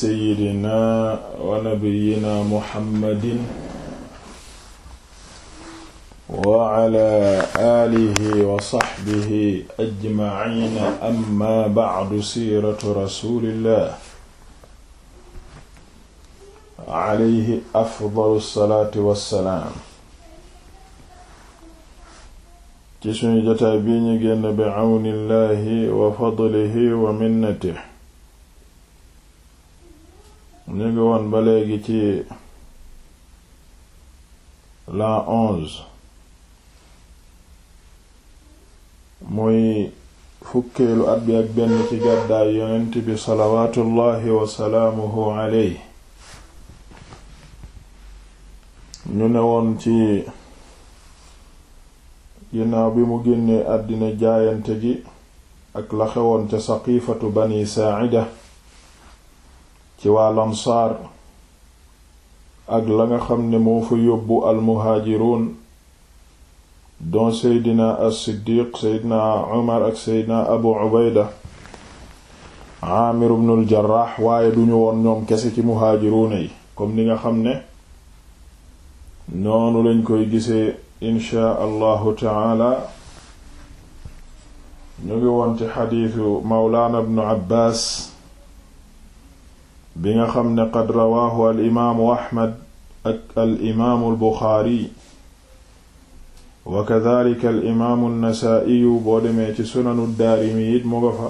seyyidina wa nabiyina muhammadin wa ala aalihi wa saxbihi ajmaciina amma bacdu siiratu rasulillah alayhi afdalu salaatu wa salaam. ci sunu jotaay bi ñu génn bi cawnillahi wa fadlihi wa minnatihi ñu ngi woon ba léegi ci l'an onze muy fukkeelu at bi ak benn ci gàddaay yonent bi salawaatullahi wasalaamuhu aleyhi ñu ne woon ci ginnaaw bi mu génnee àddina jaayante ji ak la xewoon ca saqifatu bani saacida ci waa lansaar ak la nga xam ne moo fa yóbbu almuhaajiruun don seydina as-siddiq seydina umar ak seydina abu ubayda aamir ibnul jarraax waaye duñu woon ñoom kese ci muhaajiruuna yi comme ni nga xam ne noonu lañ koy gisee inchaa allahu taala ñu ngi woon ci xadiisu mawlaana abbaas bi nga xam ne qad rawaahu al imaamu ahmad ak al imaamu al buxaari wa kadhalika al imaamu an-nasaa'iyu boo demee ci sunanu daarimi it mu nga fa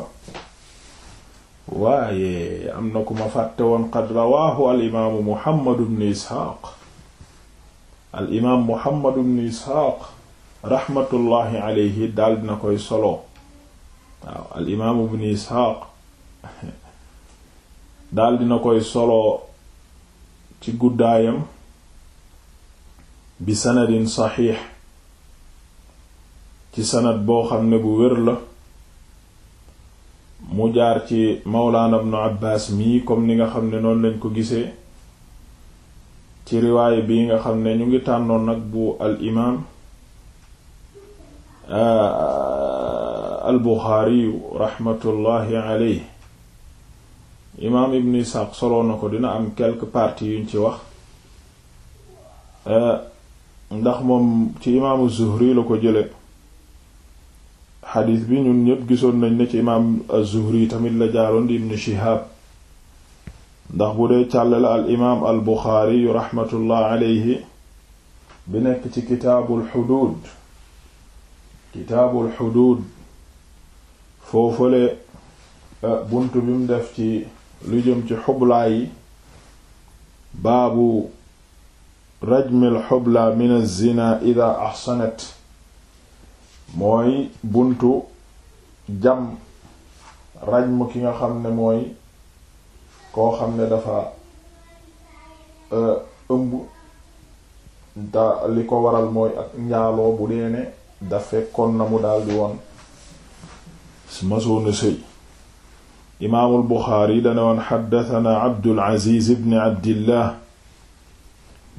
waaye am na ku ma fàtte woon qad rawaahu al imaamu muhammad ibn isxaaq al imaam muhammad ibn isxaaq raxmatullahi alayhi daal dina koy solo waaw al imaamu ibn isxaaq daal dina koy solo ci guddaayam bi sanadin saxiix ci sanad boo xam ne bu wér la mu jaar ci mawlaana ibnu abbaas mii comme ni nga xam ne noonu lañ ko gisee ci riwaay bii nga xam ne ñu ngi tànnoon nag bu al imaam euh, al buxaariyu raxmatullaahi aleyhi imaam ibn Isaaq soloo na ko dina am quelques yu ñu ci wax euh, ndax moom ci imaamu Zuhri la ko jële xadiis bi ñun ñépp gisoon nañ ne ci imaam az-Zuhri tamit la jaaroon di ibn Shihaab ndax bu dee càll la al imaam al Buxaari yu raxmatullah aleyhi bi nekk ci kitaabul xuduud kitaabul xuduud foofale euh, bunt bi mu def ci lu jëm ci xublaa yi baabu rajmil xubla min az-zina ida ahsanat mooy buntu jam rajm ki nga xam ne mooy koo xam ne dafa e, ëmb te li ko waral mooy ak njaaloo bu dee ne da fekkoon na mu daldi woon masoona sëy imaamul buxaari dane woon xaddatana abdul aziz ibn abdillah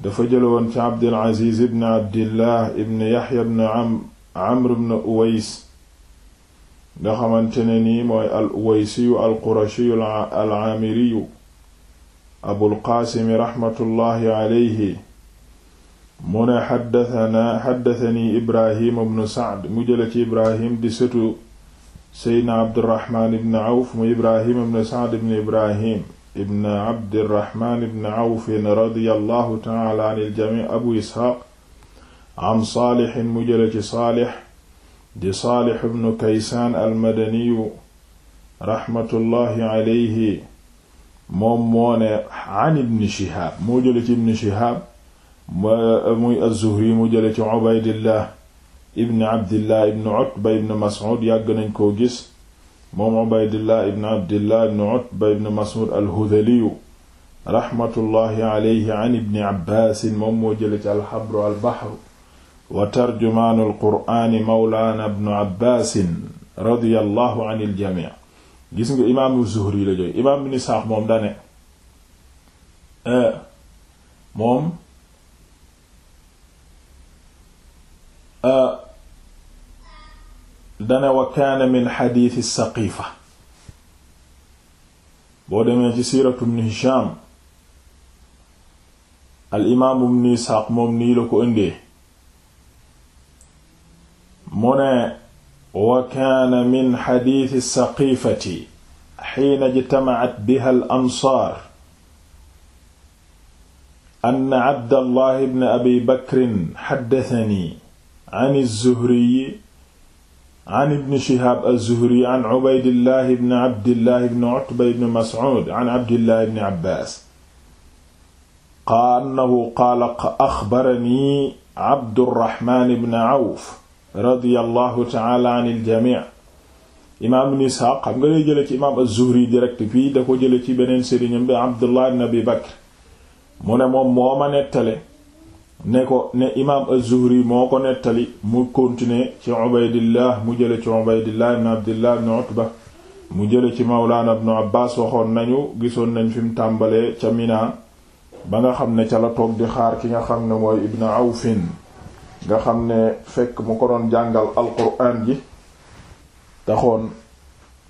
dafa jële woon ci abdul aziz ibn abdillah ibn yaxya ibn am amr ibn uways nga xamante ne nii mooy al uwaysiyu al qurashiyu al aamiriyu abul qaasimi raxmatullahi aleyhi mu ne xaddatana xaddatani ibrahim ibn sacd mu jële ci ibrahim di sëtu seydna abdirahman ibn auf mu ibrahim ibn saad ibn ibrahim ibn abdirahman ibn awfin radiyallahu taala an iljami abu isxaaq an saalixin mu jële ci saalix di saalix ibn kaysaan almadaniyu raxmatullahi aleyhi moom moo ne an ibn shihaab moo jële ci ibn shihaab muy azzuhri mu jële ci ubaydillah ibn abdillah ibn utba ibn mas'ud yàgg nañ koo gis moom ubaydillah ibn abdillah ibn utba ibn mas'ud al-hudhaliyu raxmatullahi alayhi an ibni abbaasin moom moo jële ci alxabru albahru wa tarjumaanu alqur'aani mawlaana ibnu abbaasin radiyallahu an iljamic gis nga imaam zuhri la jóge imaam ibn isxaaq moom dane moom dane wa kaana min xadiisi saqiifa boo demee ci siiratu ibn Hisham al imaamu ibn Isxaaq moom nii la ko indee mu ne wa kaana min xadiisi saqiifati xiina ijtamacat biha al ansaar anna Abdallahi ibn Abi Bakrin xaddasani an az-Zuhri an ibn Shihab az-Zuhri an Ubaydillah ibn Abdillah ibn Utba ibn Mas'ud an Abdillah ibn Abbas annahu qaala axbarani Abdurrahman ibn Awf radiyallahu ta'ala anil jami' imaam ibn Isxaaq xam nga lay jëlee ci imaam az-Zuhri direct fii da ko jëlee ci beneen sëriñam bi Abdullah ibn Abi Bakr mu ne moom moo ma nettale ne ko ne imaam az moo ko nettali mu continuer ci Ubaydillah mu jële ci Ubaydillah ibn Abdillah ibn Utba mu jële ci Mawlana ibn Abbas waxoon nañu gisoon nañ fi mu tàmbalee ca Mina ba nga xam ne ca la toog di xaar ki nga xam ne mooy Ibn Awfin nga xam ne fekk mu ko doon jàngal alquran ji taxoon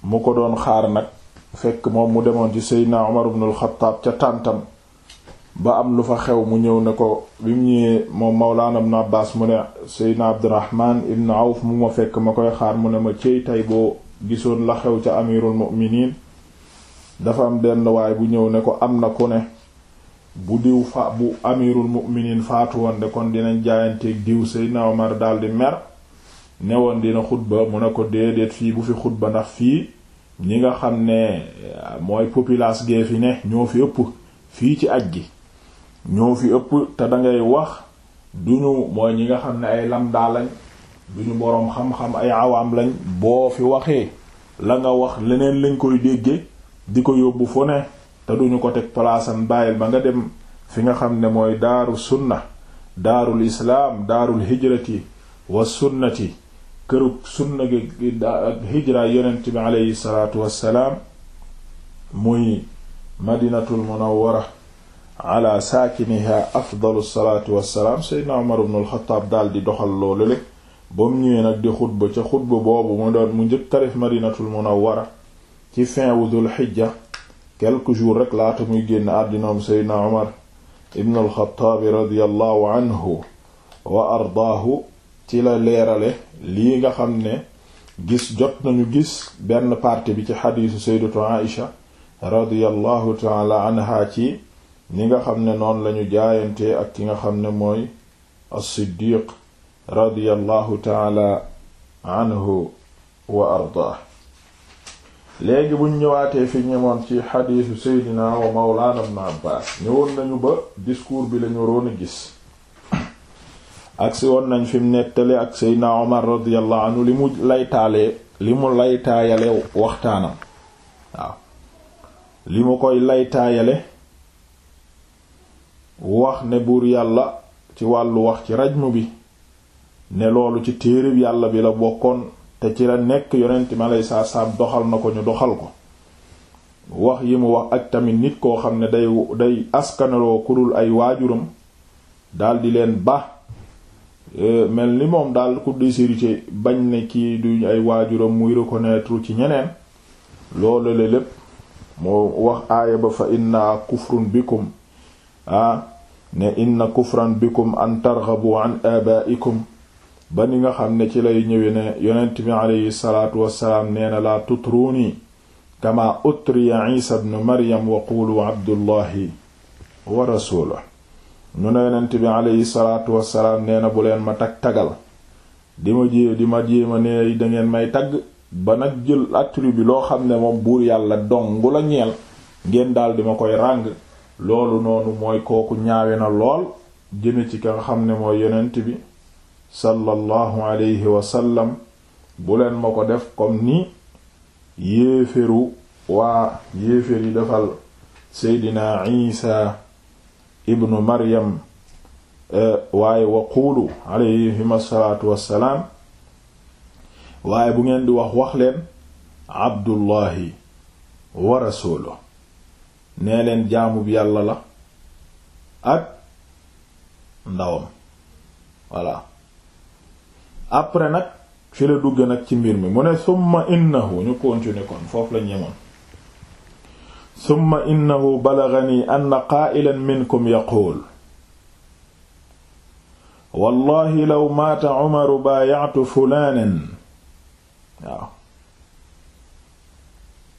mu ko doon xaar nag fekk moom mu demoon ci Seydina Umar ibn al ca tàntam ba am lu fa xew mu ñëw ne ko bi mu ñëwee moom Mawlaana Ibn Abbaas mu ne Seydina Abdurahmaan ibn Awf mu ma fekk ma koy xaar mu ne ma cey tay boo gisoon la xew ca amirul mu'miniin dafa am benn waay bu ñëw ne ko am na ku ne bu diw fa bu amirul mu'miniin faatu woon de kon dinañ jaayanteeg diw Seydina Omar di mer ne woon dina xutba mu ne ko déedéet fii bu fi xutba ndax fii ñi nga xam ne mooy populace gee fi ne ñoo fi ëpp fii ci aj gi ñoo fi ëpp te dangay wax duñu mooy ñi nga xam ne ay lamdaa lañ duñu boroom xam-xam ay awaam lañ boo fi waxee la nga wax leneen lañ koy dégge di ko yóbbu fu ne te duñu ko teg palaasam bàyyil ba nga dem fi nga xam ne mooy daaru sunna daarul islaam daarul hijrati wa sunnati këru sunna gi ak hijra yonent bi aleyhi salaatu wassalaam muy madinatul munawwara ala saakiniha afdalu salaatu wassalaam seydna Umar ibn al-Xattaab daal di doxal loolu le ba mu ñëwee nag di xutba ca xutba boobu mu doon tarif madinatul munawwara ci fin wu dul xijja quelques jours rek laata muy génn àddinoom seydna Umar ibn al-Xattaab anhu wa ardaahu ci la leerale lii nga xam ne gis jot nañu gis benn partie bi ci xadiisu saydatu Aïsha radiyallahu taala anha ci ni nga xam ne noonu lañu jaayante ak ki nga xam ne mooy as-siddiq radiyallahu taala anhu wa ardaah léegi buñ ñëwaatee fi ñemoon ci xadiisu seydina wa mawlaana ibn abbaas ñëwoon nañu ba discours bi lañu roon a gis agsi woon nañ fi mu nettali ak seydina omar radiyallahu anhu li mu laytaalee li mu laytaayale waxtaanam waaw li mu koy laytaayale wax ne buur yàlla ci wàllu wax ci rajmu bi ne loolu ci téereb yàlla bi la bokkoon te ci la nekk yonent mi aleyhi salaatu salaam doxal na ko ñu doxal ko wax yi mu wax ak tamit nit koo xam ne day day askanaloo kudul ay waajuram daldi leen ba e, mel ni moom daal ku déshérité bañ ne kii duñ ay waajuram muy reconnaître ci ñeneen loolu la lépp moo wax aaya ba fa inna kufrun bikum ah ne inna kufran bikum an targhabu an abaikum ba ni nga xam ne ci lay ñëwee ne yonent bi aleyhi salaatu wassalaam nee na laa tutruuni kama utriya isa ibn maryam wa qulu abdullahi wa rasuluhu ñu ne yonent bi aleyhi salaatu wassalaam nee na bu leen ma tag tagal di ma jée di ma jéema ne dangeen may tagg ba nag jël attribut bi loo xam ne moom buur yàlla dong la ñeel ngeen daal di ma koy ràng loolu noonu mooy kooku ñaawe na lool jëme ci ka xam ne mooy yonent bi sallallahu alayhi wasallam bu leen ma ko def kom ni yéeféru waa yéefér yi defal seydina isa ibnu maryam eh, waaye waquulu alayhim asalaatu wassalaam waaye bu ngeen di wax wax leen abdullahi wa rasuluhu nee leen jaamu yàlla la ak ndawam voilà après nag fi la dugg nag ci mbir mi mu ne summa innahu ñu continuer kon foofu la ñemoon summa innahu balaghani anna qaa'ilan minkum yaquul wallahi law maata umaru baaya'tu fulaanan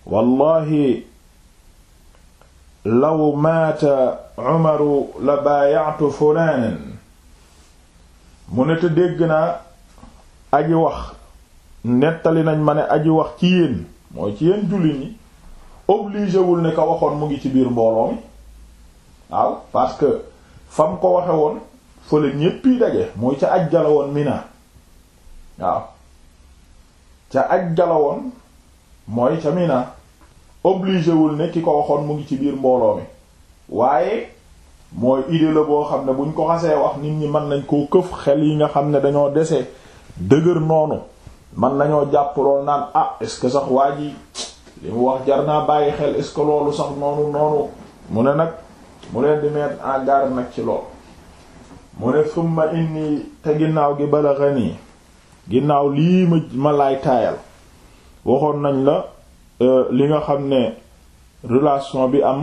wallahi law maata umaru la baayaatu fulaanan mu ne te dégg naa aji wax nettali nañ ma ne aji wax ci yéen mooy ci yéen jullit ñi obligé wul ne ko waxoon mu ngi ci biir mbooloo mi waaw parce que fam ko waxe woon fële ñépp yi daje mooy ca aj jala woon Mina waaw ca aj mooy ca Mina obligé wul ne ki ko waxoon mu ngi ci biir mbooloo mi waaye mooy idée la boo xam ne buñ ko xasee wax nit ñi mën nañ koo këf xel yi nga xam ne dañoo dese dëgër noonu mën nañoo jàpp lool naan ah est-ce que sax waa ji li mu wax jar naa bàyyi xel est-ce que loolu sax noonu noonu mu ne nag mu leen di mettre en nag ci lool mu ne summa inni te ginnaaw gi balaghani ginnaaw lii ma ma laay taayal waxoon nañ la Euh, li nga xam ne relation bi am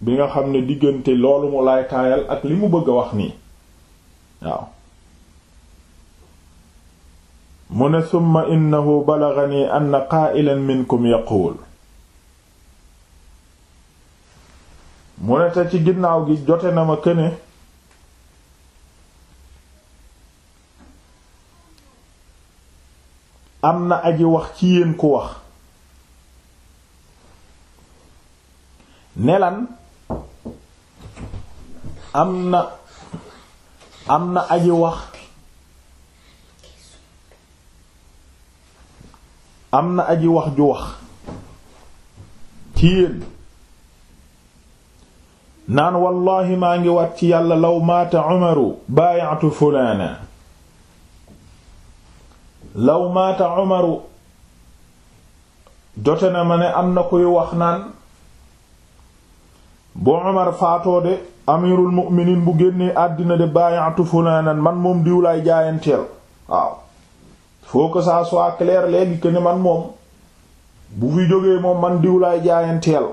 bi nga xam ne diggante loolu mu laay taayal ak li mu bëgg wax nii waaw mu ne summa innahu balaghani anna qaa'ilan minkum yaquul mu ne te ci ginnaaw gi jote na ma këne am na aji wax ci yéen ku wax nelan am na am na aji wax am na aji wax ju wax ci yéen naan wallahi maa ngi wat ci yàlla law maata umaru baayatu fulaana law maata umaru jote na ma ne am na kuy wax naan bu Umar faatoo de amirul mu'minin bu génnee àddina de bàyyaatu fulaanan man moom diw laay jaayanteel waaw faut que ça soit clair léegi que ne man moom bu fi jógee moom man diw laay jaayanteel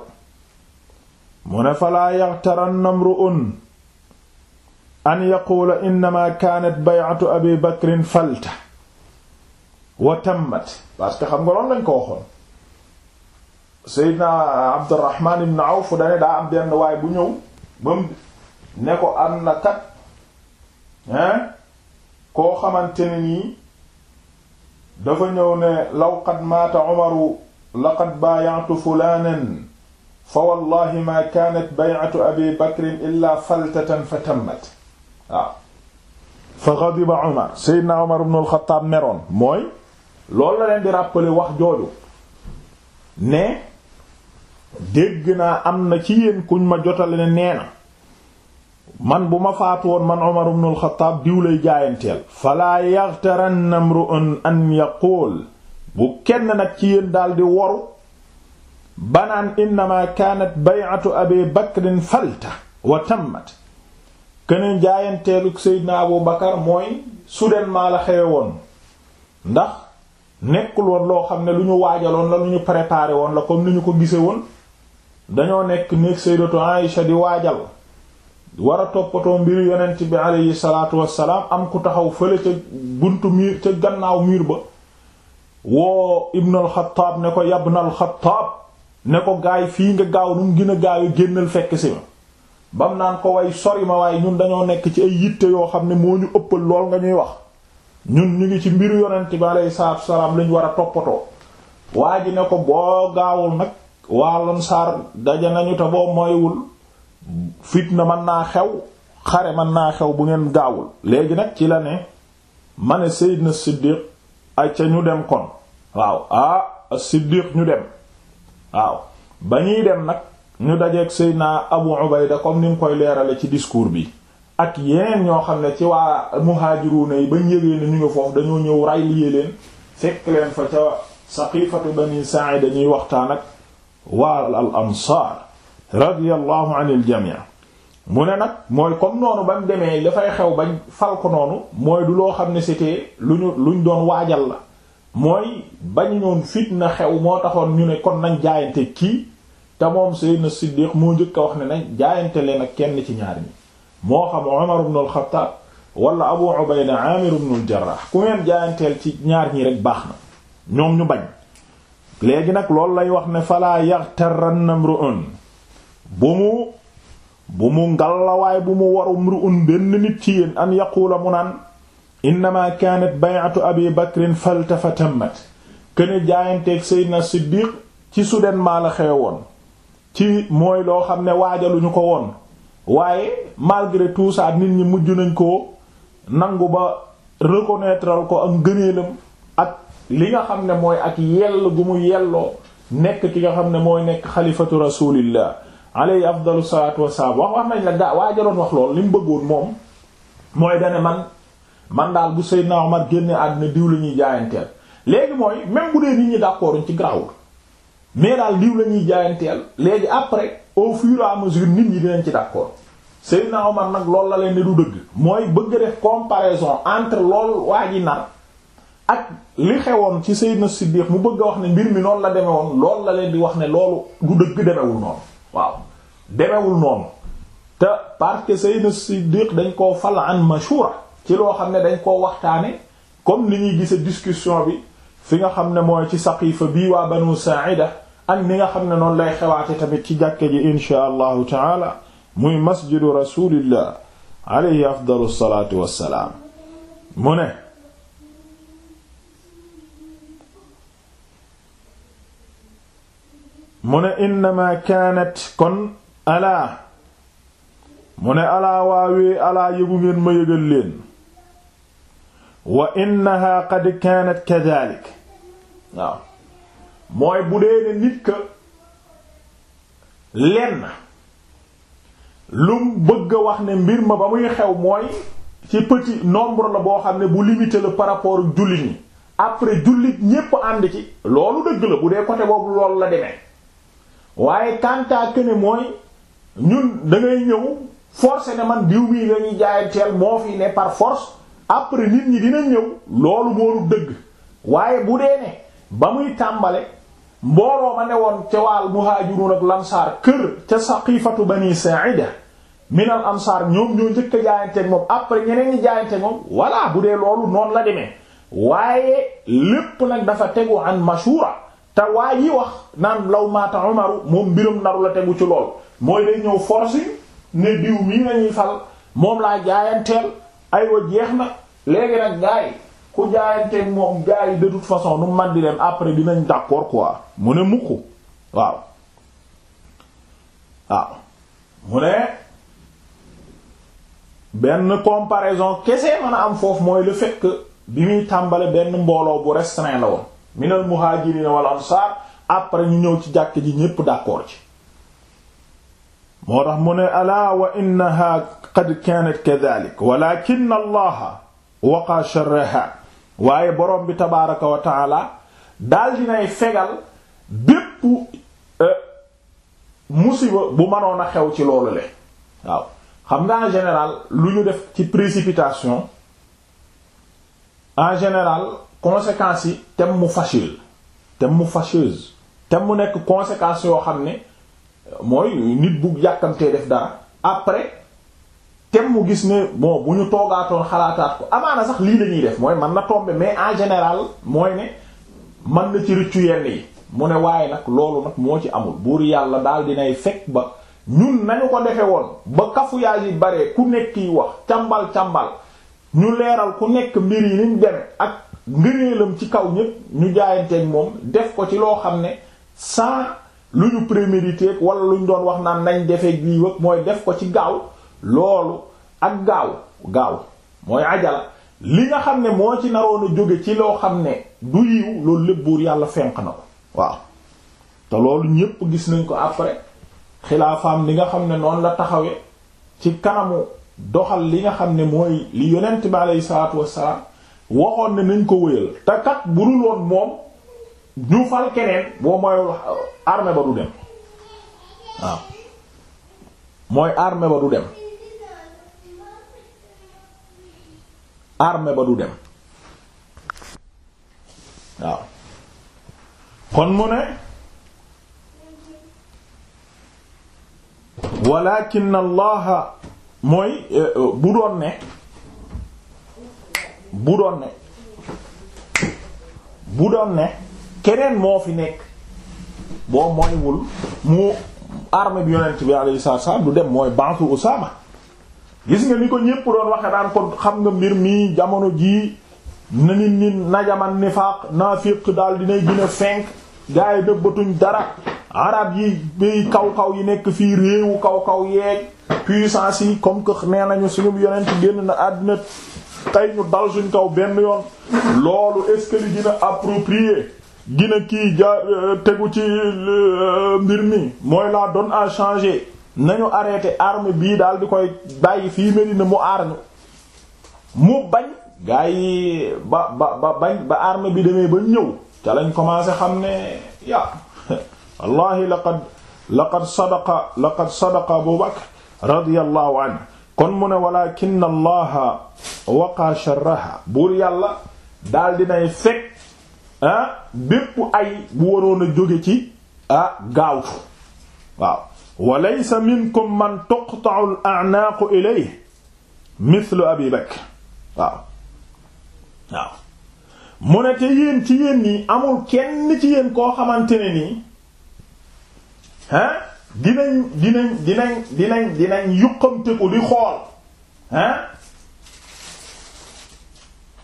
mu ne falaa yaxtaran namru'un an yaquula innama kaanat bay'atu abi bakrin falta wa tammat parce xam nga loon lañ ko waxoon Seydina Abdurrahman ibn Awf dane daa am benn waay bu ñëw ne ko am kat hein koo xamante ne nii dafa ñëw ne law qad maata Umaru laqad baaya'tu fulaanan fa wallahi ma kaanat bay'atu abi bakrin illa faltatan fa tammat fa ghadiba Umar Seydina Umar ibn al meroon mooy loolu la leen di wax jooju ne dégg naa am na ci yéen kuñ ma jotale ne nee na man bu ma faatu woon man Umar ibn al-Khattab lay jaayanteel falaa yaghtaranna imru'un an yaqul bu kenn nag ci yéen daldi woru banaan innama kaanat bay'atu abi bakrin falta wa tammat keneen jaayanteelu Seydina Abu Bakar mooy soudainement la xewe woon ndax nekkul woon loo xam ne lu ñu waajaloon la lu ñu préparé woon la comme ni ñu ko gise woon dañoo nekk néeg sayyidatu Aïsha di waajal war a toppatoo mbir yonent bi aleyhi salaatu wassalaam am ku taxaw fële ca buntu miir ca gannaaw miir ba woo Ibn al ne ko yabna al-Khattab ne ko gaay fii nga gaaw nu mu gën a gaaw génnal fekk si ma bam naan ko way sori ma waaye ñun dañoo nekk ci ay yitte yoo xam ne moo ñu ëppal lool nga ñuy wax ñun ñu ngi ci mbiru yonent bi aleyhi salaatu wassalaam lañ war a toppatoo waa ne ko boo gaawul nag wàllum saar daje nañu te boo moywul fitna mën naa xew xare mën naa xew bu ngeen gaawul léegi nag ci la ne ma ne Seydina Siddiq ay ca ñu dem kon waaw ah Siddiq ñu dem waaw ba ñuy dem nag ñu dajeek Seydina Abu Ubayda comme ni mu koy leerale ci discours bi ak yeneen ñoo xam ne ci waa muhaajiruuna yi bañ yëgee ne ñu ngi foofu dañoo ñëw ray liyee leen fekk leen fa ca saqifatu bani Sa'id dañuy waxtaan ak waa al ansaar radiyallahu anil jamii mu ne nag mooy comme noonu ba mu demee dafay xew ba fal ko noonu mooy du loo xam ne c'était lu ñu luñ doon waajal la mooy bañ ñoon fitna xew moo taxoon ñu ne kon nañ jaayante kii te moom Seydina Siddiq moo njëkk a wax ne nañ jaayante leen kenn ci ñaar ñi moo xam Umar ibn al-Khattab wala Abu Ubayda Amir ibn al-Jarrah ku ngeen jaayanteel ci ñaar ñi rek baax na ñoom ñu bañ léegi nag loolu lay wax ne falaa yaxtaranna mru'un bu mu mu ngallawaay bu mu waru mru'un benn nit ci yéen an yaquula mu naan innama kaanat bay'atu abi bakrin faltafa tammat këne jaayanteeg seydina siddiq ci sudeen maa la xewe woon ci mooy loo xam ne waajaluñu ko woon waaye malgré tout ça nit ñi mujj nañ ko nangu ba reconnaître ko ak ngëneelam ak li nga xam ne mooy ak yell gu mu yelloo nekk ki nga xam ne mooy nekk xalifatu rasulillah alayhi afdalu salatu wasalaam wax wax nañ la gaa waajaroon wax lool li mu bëggoon moom mooy dane man man daal bu Seydina Omar génne àddina diw la ñuy jaayanteel léegi mooy même bu dee nit ñi d'accorduñ ci grawul mais daal diw la ñuy jaayanteel léegi après au fur et à mesure nit ñi dinañ ci d'accord Seydina Omar nag loolu la leen ne du dëgg mooy bëgg def comparaison entre lool waa ji nar ak li xewoon ci Seydina Siddiq mu bëgg a wax ne mbir mi noonu la demewoon loolu la leen di wax ne loolu du dëgg demewul noonu waaw demewul noonu te parce que Seydina dañ koo fal an mashura ci loo xam ne dañ koo waxtaane comme ni ñuy gise discussion bi fi nga xam ne mooy ci saqiifa bii waa banu Sa'ida ak ni nga xam ne noonu lay xewaate tamit ci jàkke ji inshaa allahu taala muy masjidu rasulillah alayhi afdalu salaatu wassalaam mu ne mu ne innama kaanat kon alaa mu ne alaa waawee alaa yëgu ngeen ma yëgal leen wa innaha qad kaanat kadhalik waaw mooy bu dee ne nit ka lenn lum bëgg wax ne mbir ma ba muy xew mooy ci petit nombre la boo xam ne bu limité la par rapport ak jullit ñi après jullit ñépp ànd ci loolu dëgg la bu dee côté boobu loolu la demee waaye kantaa këne mooy ñun da ñëw forcé ne man diw mii lañuy jaayanteel moo fi ne par force après nit ñi dina ñëw loolu mooru dëgg waaye bu dee ne ba muy tàmbale mbooloo ma ne woon ca waal muhaajiruun ak lansaar kër ca saqifatu bani sa'ida min al ansaar ñoom ñoo njëkk a jaayanteeg moom après ñeneen ñi jaayanteeg moom voilà bu dee loolu noonu la demee waaye lépp nag dafa tegu an mashura te waa yi wax naan law maata Umaru moom mbirum naru la tegu ci lool mooy day ñëw force yi ne diw mii nañuy fal moom laa jaayanteel aywa jeex na léegi nag gars yi ku jaayanteeg moom gars de toute façon nu man di dem après dinañ d'accord quoi mu ne mukk waaw waaw mu ne benn comparaison kese mën a am foofu mooy le fait bi muy tàmbali benn mbooloo bu restreint la woon minal muhaajiriin wal ansaar après ñu ñëw ci jàkk ji ñépp d'accord ci moo tax mu ne alaa wa innaha qad kaanat kadhalik walakin allaha waqa waaye boroom bi tabaaraka wa taala daal dinay fegal bépp e, musiba bu mënoon a xew ci loolu le waaw xam nga en général lu ñu def ci précipitation en général conséquences yi tem mu fâcheux tem mu fâcheuse te mu nekk conséquences yoo xam ne mooy nit bu yàkkamtee def dara après tem mu gis ne moo bu ñu toogaatoon xalaataat ko amaana sax lii lañuy def mooy man na tomber mais en général mooy ne man na ci rëccu yenn yi mu ne waaye nag loolu nag moo ci amul buur yàlla daal dinay fekk ba ñun nañu ko defe woon ba kafuyaay yi bare ku nekk yi wax càmbal càmbal ñu leeral ku nekk mbir yi niñ dem ak ngëneelam ci kaw ñépp ñu jaayanteeg moom def ko ci loo xam ne san lu ñu prémédité wala lu ñu doon wax naan nañ defee lii wëg mooy def ko ci gaaw loolu ak gaaw gaaw mooy ajala li nga xam ne moo ci naroon jóge ci loo xam ne du yiw loolu lépp buur yàlla fenq na ko waaw te loolu ñépp gis nañ ko après xilaafaam li nga xam ne noonu la taxawe ci kanamu doxal li nga xam ne mooy li yonent bi aleyhi salaatu wassalaam waxoon ne nañ ko wéyal te kat bu dul woon moom ñu fal keneen boo mooyul armée ba du dem waaw mooy armée ba du dem armée ba du dem waaw kon mu ne walakin allah mooy eh, bu doon ne bu doon ne bu doon ne keneen moo fi nekk boo moywul mu armée bu yonent bi alayhi salaam du dem mooy bantu Usaama gis nga ni ko ñépp doon waxe daan ko xam nga mbir mi jamono jii na nit ñi najaman nifaaq naafiq daal dinay gën a fenk gaa yi nëbbatuñ dara arab yi bay kaw-kaw yi nekk fii réewu kaw-kaw yeeg puissance yi comme que nee nañu suñu yonent génn na àddina tey ñu dal suñ kaw benn yoon loolu est-ce que li gën a approprié kii ja euh, tegu ci euh, mbir mi mooy la donne a changé nañu arrêté arm bii daal di koy bàyyi fii Medina mu aar mu bañ gaa yi ba ba ba bañ ba arme bi demee ba ñëw ca lañ commencé xam ne ya wallahi laqad laqad sadaqa laqad sadaqa Abu Bakr radiyallahu anhu kon mu ne walakin allaha waqa sharraha buur yàlla daal dinay fekk ah bépp ay bu waroon ci ah gaawtu waaw wa laysa minkum man tuqta'u al a'naaqu waaw waaw mu te yéen ci yéen amul kenn ci yéen koo xamante ne ah, dinañ dinañ dinañ dinañ dinañ yuqamte ko di xool hein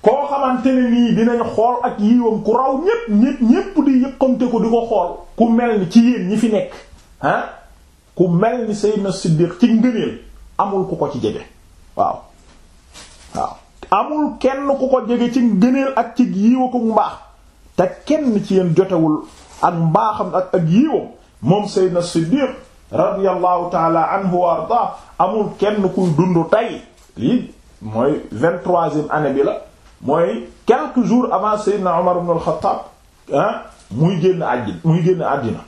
koo xamante ne nii dinañ xool ak yiwam ku raw ñépp ñépp ñépp di yuqamte ko di ko xool ku mel ni ci yéen ñi fi nekk hein ku mel ni Seydina Siddiq ci ngëneel amul ku ko ci jege waaw waaw amul kenn ku ko jege ci ngëneel ak ci yiwa ko mbaax te kenn ci yéen jotewul ak mbaaxam ak ak moom Seydina Siddiq radiyallahu taala anhu wa arda amul kenn kuy dundu tey lii mooy vingt-troisième année bi la mooy quelques jours avant Seydina Omar ibn al muy génn àddina muy génn àddina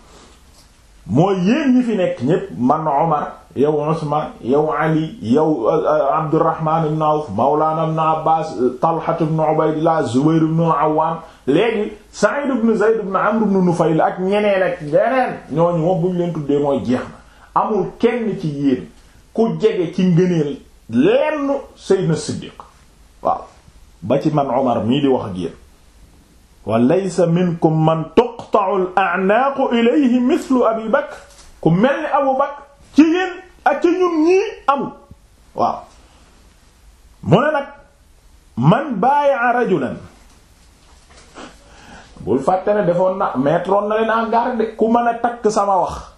mooy yéen ñi fi nekk ñépp man Omar yow Usman yow Ali yow euh, Abdurrahman ibn Awf Mawlana ibn Abbas Talha ibn Ubaydillah Zubayr ibn Awwam léegi Sa'id ibn Zayd ibn Amr ibn Nufayl ak ñeneen ak ñeneen ñooñu moom bu ñu leen tuddee mooy jeex na amul kenn ci yéen ku jege ci ngëneel lenn Sayyidina Siddiq waaw ba ci man Omar mii di wax ak yéen wa laysa minkum man tuqta'u al-a'naaqu ilayhi mithlu Abi Bakr ku mel ni Abu Bakr ci yéen ak ci ñun ñii amul waaw mu ne nag man baayaa rajulan bul fàtte defoon na mettroon na leen en garde ku mën a takk sama wax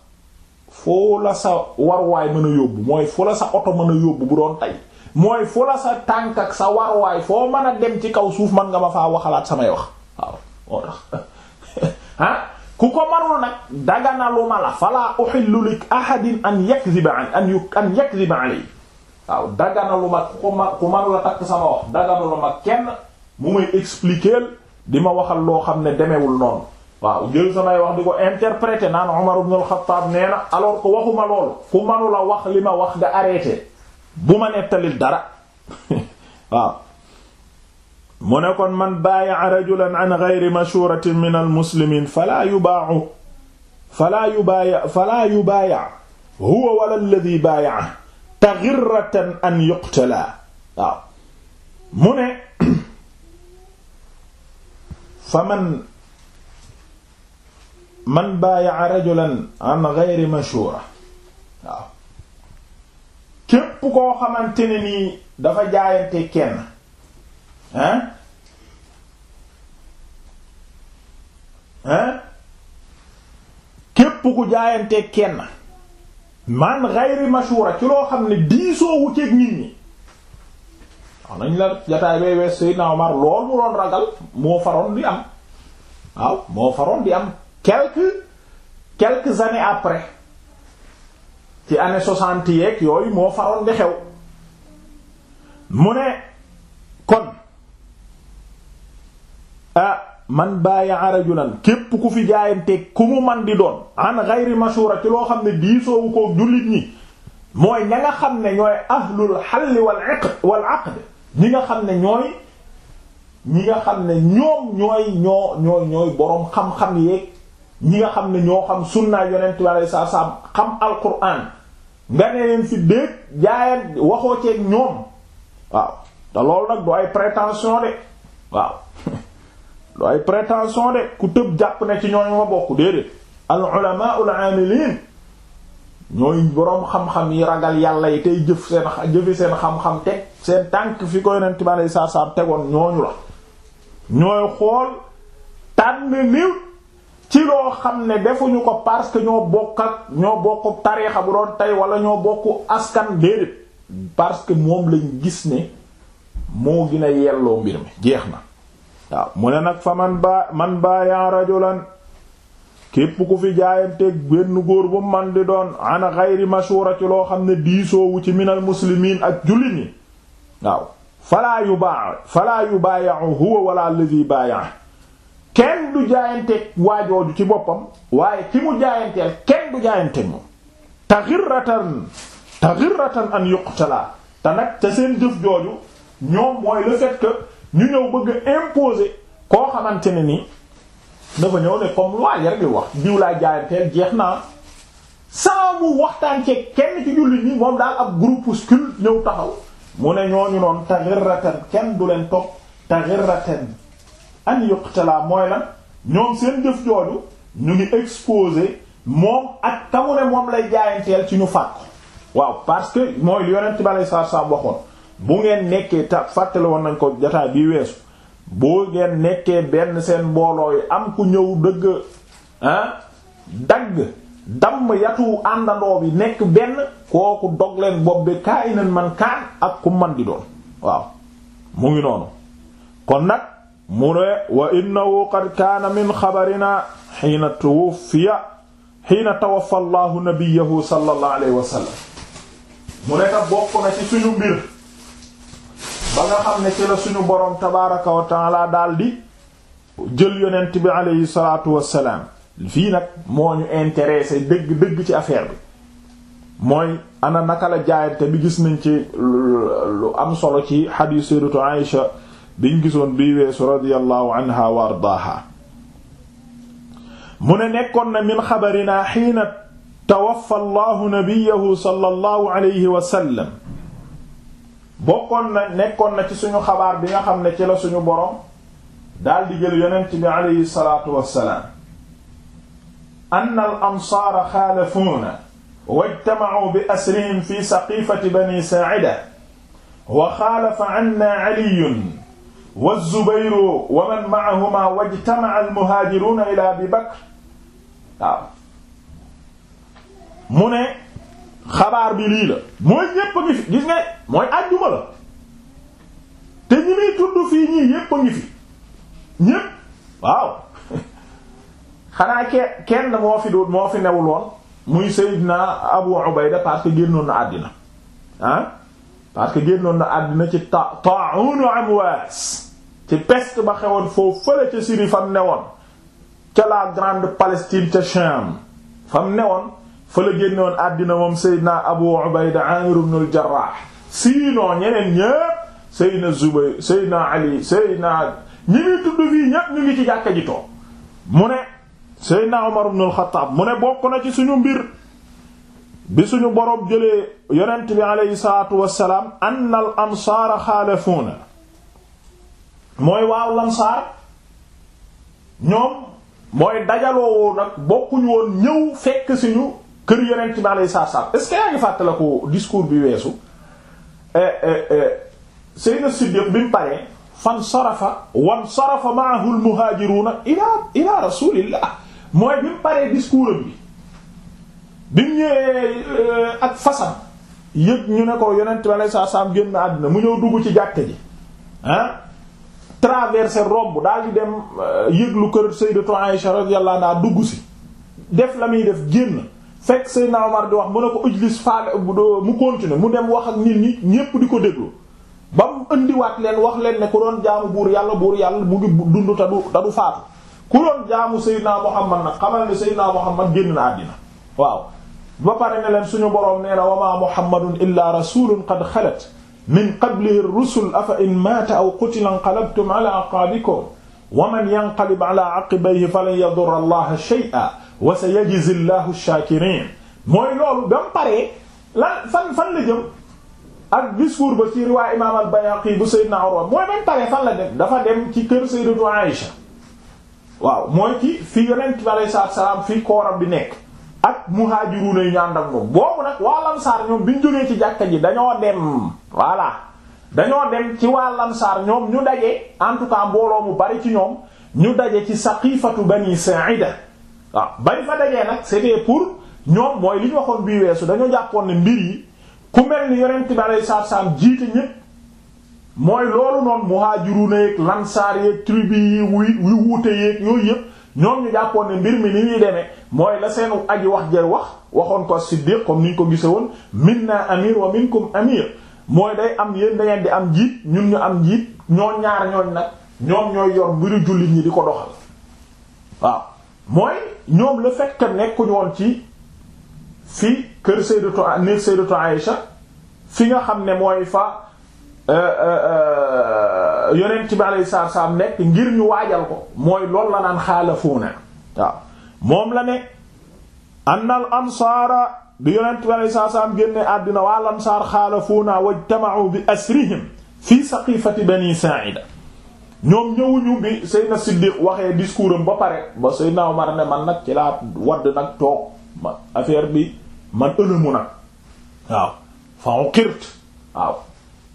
foo la sa warwaay mën a yóbbu mooy fu la sa oto mën a yóbbu bu doon tey mooy fu la sa tànk ak sa warwaay foo mën a dem ci kaw suuf man nga ma faa waxalaat samay wax waaw moo tax ah ku ko manul nag daganalu ma la fala uhillu li ahadin an yakdhiba an an yakdhiba alay waaw daganalu ma ku ko ma ku manula takk sama wax daganalu ma kenn mu may expliquer di ma waxal loo xam ne demewul noonu waaw jël samay wax di ko interpréter naan Umar ibn al-Khattab nee na alors que waxuma loolu ku manula wax li ma wax nga arrêté bu ma nettalil dara waaw mu ne kon man baaya'a rajulan an ghayri mashuratin min almuslimin falaa yubaa'u falaa yubaaya falaa yubaaya huwa wala alladhi baaya'a taghirratan an yuqtala waaw mu ne fa man man baaya'a rajulan an ghayri mashura waaw képp koo xamante ne nii dafa jaayante kenn hein hein képp ku jaayante kenn man ghayri mashura ci loo xam ne diisoo wu ceeg nit ñi wax nañ la jataay bay wees Seydina Omar lool mu doon ragal moo faroon di am waaw moo faroon di am quelques quelques années après ci année soixante yeeg yooyu moo faroon di xew mu ne kon ah man baayaa rajulan képp ku fi jaayante ku mu man di doon an ghayri mashura ci loo xam ne diisoowu koo jullit ñi mooy ña nga xam ne ñooy ahlul xalli wal aqd wal aqd ñi nga xam ne ñooy ñi nga xam ne ñoom ñooy ñoo ñooy ñooy boroom xam-xam yeeg ñi nga xam ne ñoo xam sunnaa yonent bi alayhi salaatu salaam xam alquran nga ne leen fi déeg jaayat waxoo ceeg ñoom waaw te loolu nag du ay prétention de waaw lu ay prétention de ku tëb jàpp na ci ñooñu ma bokk déedéet al ulamaul amilin ñooy boroom xam-xam yi ragal yàlla yi tey jëf seen jëfi seen xam-xam teg seen tànk fi ko yonent bi saa saa tegoon ñooñu la ñooy xool tànn niw ci loo xam ne defuñu ko parce que ñoo bokk ñoo bokk tariixa bu doon tey wala ñoo bokk askan déedéet parce que moom lañ gis ne moo gën a yelloo mbir mi jeex na waaw mu ne nag fa man ba man baya rajulan képp ku fi jaayanteeg benn góor bu man doon ana xayri mashura loo xam ne diisoowu ci minal muslimiin ak julli ñi waaw falaa yu baa falaa yu baayahu huwa wala alladhi kenn du jaayanteeg waajooju ci boppam waaye ci mu jaayanteel kenn du jaayanteeg moom taxirratan taxirratan an yuqtala te nag ca seen jëf jooju ñoom mooy le fait ñu ñëw bëgg a koo xamante ne ni dafa ñëw ne comme loi yi wax diw laa jaayanteel jeex naa saa mu waxtaan ci kenn ci jullit ñi moom daal ab groupuscule ñëw taxaw mu ne ñooñu noonu taxirratan kenn du leen topp taxirratan an yuqtala mooy lan ñoom seen jëf jooju ñu ngi exposé moom ak tamu moom lay jaayanteel ci ñu fàq waaw parce que mooy li yonent bi sallallahu alayhi wasallam waxoon bu ngeen nekkee ta fàttale woon nañ ko jotaay bi weesu boo ngeen nekkee benn seen mbooloo am ku ñëw dëgg ah dagg damm yatu àndandoo bi nekk benn kooku dog leen bopp man kaan ak ku di doon waaw mu ngi noonu kon nag mu ne wa innahu qad kaana min xabarina xiina tuwaffiya xiina tawaffa nabiyahu sallallahu alayhi wa mu ne ka na ci suñu mbir ba nga xam ne ci la suñu boroom tabaaraka wa taala daldi jël yonent bi aleyhi salaatu wassalaam fii nag moo ñu intéressé dëgg dëgg ci affaire bi mooy ana naka la jaayante bi gis nañ ci lu am solo ci xadiis sayyidatu Aïsha biñ gisoon bii weesu radiyallahu anha wa ardaaha mu ne nekkoon na min xabarinaa xiina tawaffa allahu nabiyahu sallallahu alayhi wa sallam bokkoon na nekkoon na ci suñu xabaar bi nga xam ne ci la suñu borom daldi jël yonent bi aleyhi salaatu wassalaam anna al ansaara xaalafuuna wajtamacuu bi asrihim fi saqiifati bani saacida wa xaalafa canna caliyun wa zubayru wa man macahumaa wajtamaca almuhaajiruuna ilaa abi bakr waaw mu ne xabaar bi lii la mooy ñépp ngi fi gis nga mooy àjjuma la te ñi muy tudd fii ñii ñépp ngi fi ñépp waaw xanaa ke kenn moo fi doon moo fi newul woon muy na Abu Ubayda parce que génnoon na àddina ah parce que génnoon na àddina ci ta ta'un Amwas ci peste ba xewoon foofu fële ca Syrie fam newoon ca la grande Palestine ca Sham fam newoon fa la génnoon àddina moom Seydina Abu Ubayda Amir ibn al-Jarrah ñeneen ñépp Seydina Zubayr Seydina Ali Seydina ñi ñuy tudd fii ñépp ñu ngi ci jàkka ji toog mu ne Seydina Umar ibn al mu ne bokk na ci suñu mbir bi suñu boroom jëlee yonent bi aleyhi salaatu wassalaam anna al ansaara xaalafuuna mooy waaw lansaar ñoom mooy dajaloo woon nag bokkuñu woon ñëw fekk suñu kër yonent bi alayhi salaam est-ce que yaa ngi fàttaliku discours bi weesu eh, eh, eh, Seydina Siddiq bi mu paree fan sarafa wan sarafa ma'ahu al-muhaajiruuna ilaa ilaa rasuulillah mooy bi mu paree discours am bi bi mu ñëwee ak fasam yëg ñu ne ko yonent bi alayhi salaam génn àddina mu ñëw dugg ci jàkka ji ah traversé romb daal di dem yëglu kër Sayyidatu Aïsha radiyallahu anha dugg si def la muy def génn fekk Seydina Omar di wax mu ne ko ujlis faaga mu continuer mu dem wax ak nit ñi ñépp di ko déglu ba mu leen wax leen ne ku doon jaamu buur yàlla buur yàlla mu ngi dund te du te du faatu ku doon jaamu Seydina Muhammad nag xamal ne Seydina Muhammad génn na àddina waaw ba pare ne leen suñu boroom nee na wa maa Muhammadun illaa rasulun qad xalat min qablihi rusul afa in maata aw qutila inqalabtum ala aqaabikum wa man yanqalib ala aqibayhi falan yadurra allaha shay'an wa sayajzi llahu shakirin mooy loolu ba mu paree la jëm ak discours ba ci riwaay imaam al-Bayhaqi bu Seydina Urwa mooy ba mu paree fan la dem dafa dem ci kër Sayyidatu Aïsha waaw mooy ci fi yonent bi alayhi salaatu salaam fii kooram bi nekk ak muhaajiruuna yi ñu ànd ak moom boobu nag waa Ansaar ñu jógee ci jàkka ji dañoo dem voilà dañoo dem ci waa Ansaar ñu daje en tout cas mbooloo mu bari ci ñoom ñu daje ci Saqiifatu Bani Saa'ida waaw bañ fa dajee nag c'était pour ñoom mooy li waxoon bii weesu dañoo jàppoon ne mbir yi ku mel ni yonent bi alayhi salaatu salaam jiite ñépp mooy loolu noonu muhaajiruun ak lansaar yeeg tribu yi wuy wu wuute yeeg yëpp ñoom ñu jàppoon ne mbir mi ni ñuy demee mooy la seen aji wax jar wax waxoon ko Siddiq comme ni ko gisee woon minna amir wa minkum amir mooy day am yéen da di am jiit ñun ñu am jiit ñoo ñaar ñooñ nag ñoom ñooy yor mbiru jullit ñi di ko doxal waaw. mooy ñoom le fait que nekkuñu woon ci fi kër Sayyidatu néeg Sayyidatu Aïsha fi nga xam ne mooy fa euh, euh, yonent bi alayhi salaatu salaam nekk ngir ñu waajal ko mooy lool la naan xaalafuuna waaw moom la ne anna al ansaara bi yonent bi alayhi salaatu salaam génne àddina waa al ansaar xaalafuuna wajtama'u bi asrihim fi saqifati bani sa'ida ñoom ñëwuñu bi Seydina Siddiq waxee discours ba pare ba naaw Omar ne man nag ci laa wadd nag toog ma affaire bi man ëlëmu nag waaw fa uqirt waaw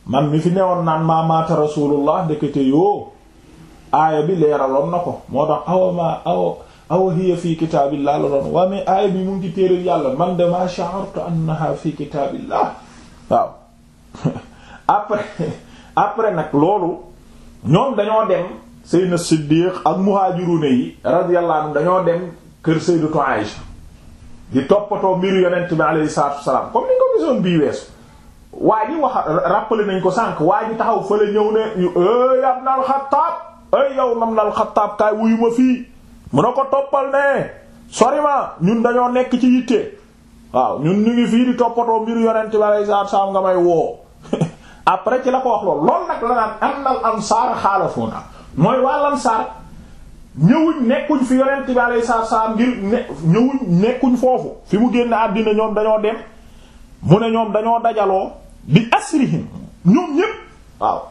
man mi fi newoon naan maa maata rasulullah ndekete yoo aaya bi leeraloon na ko moo tax awa ma awa awa hiya fi kitaabillah la doon waa mais aaya bi mu ngi téeral yàlla man dama sha'artu annaha fi kitaabillah waaw après après nag loolu ñoom dañoo dem Seydina Siddiq ak muhaajiruna yi radiyallahu anhum dañoo dem kër Sayyidatu Aïsha di toppatoo mbiru yonent bi alayhi salaatu wassalaam comme ni ko gisoon bii weesu waa ji wax rappelé nañ ko sànq waa ji taxaw fële ñëw ne ey Ibn al-Khattab ey yow nam na al-Khattab kaay wuyu ma fii mu na ko toppal ne sori ma ñun dañoo nekk ci yitte waaw ñun ñu ngi fii di toppatoo mbiru yonent bi alayhi salaatu wassalaam nga may woo après ci la ko wax loolu loolu nag la naan annal ansaar xaalafuuna mooy waa ansaar ñëwuñ nekkuñ fi yonent bi alayhi salaatu salaam ngir ne ñëwuñ nekkuñ foofu fi mu génn àddina ñoom dañoo dem mu ne ñoom dañoo dajaloo bi asrihim ñoom ñépp waaw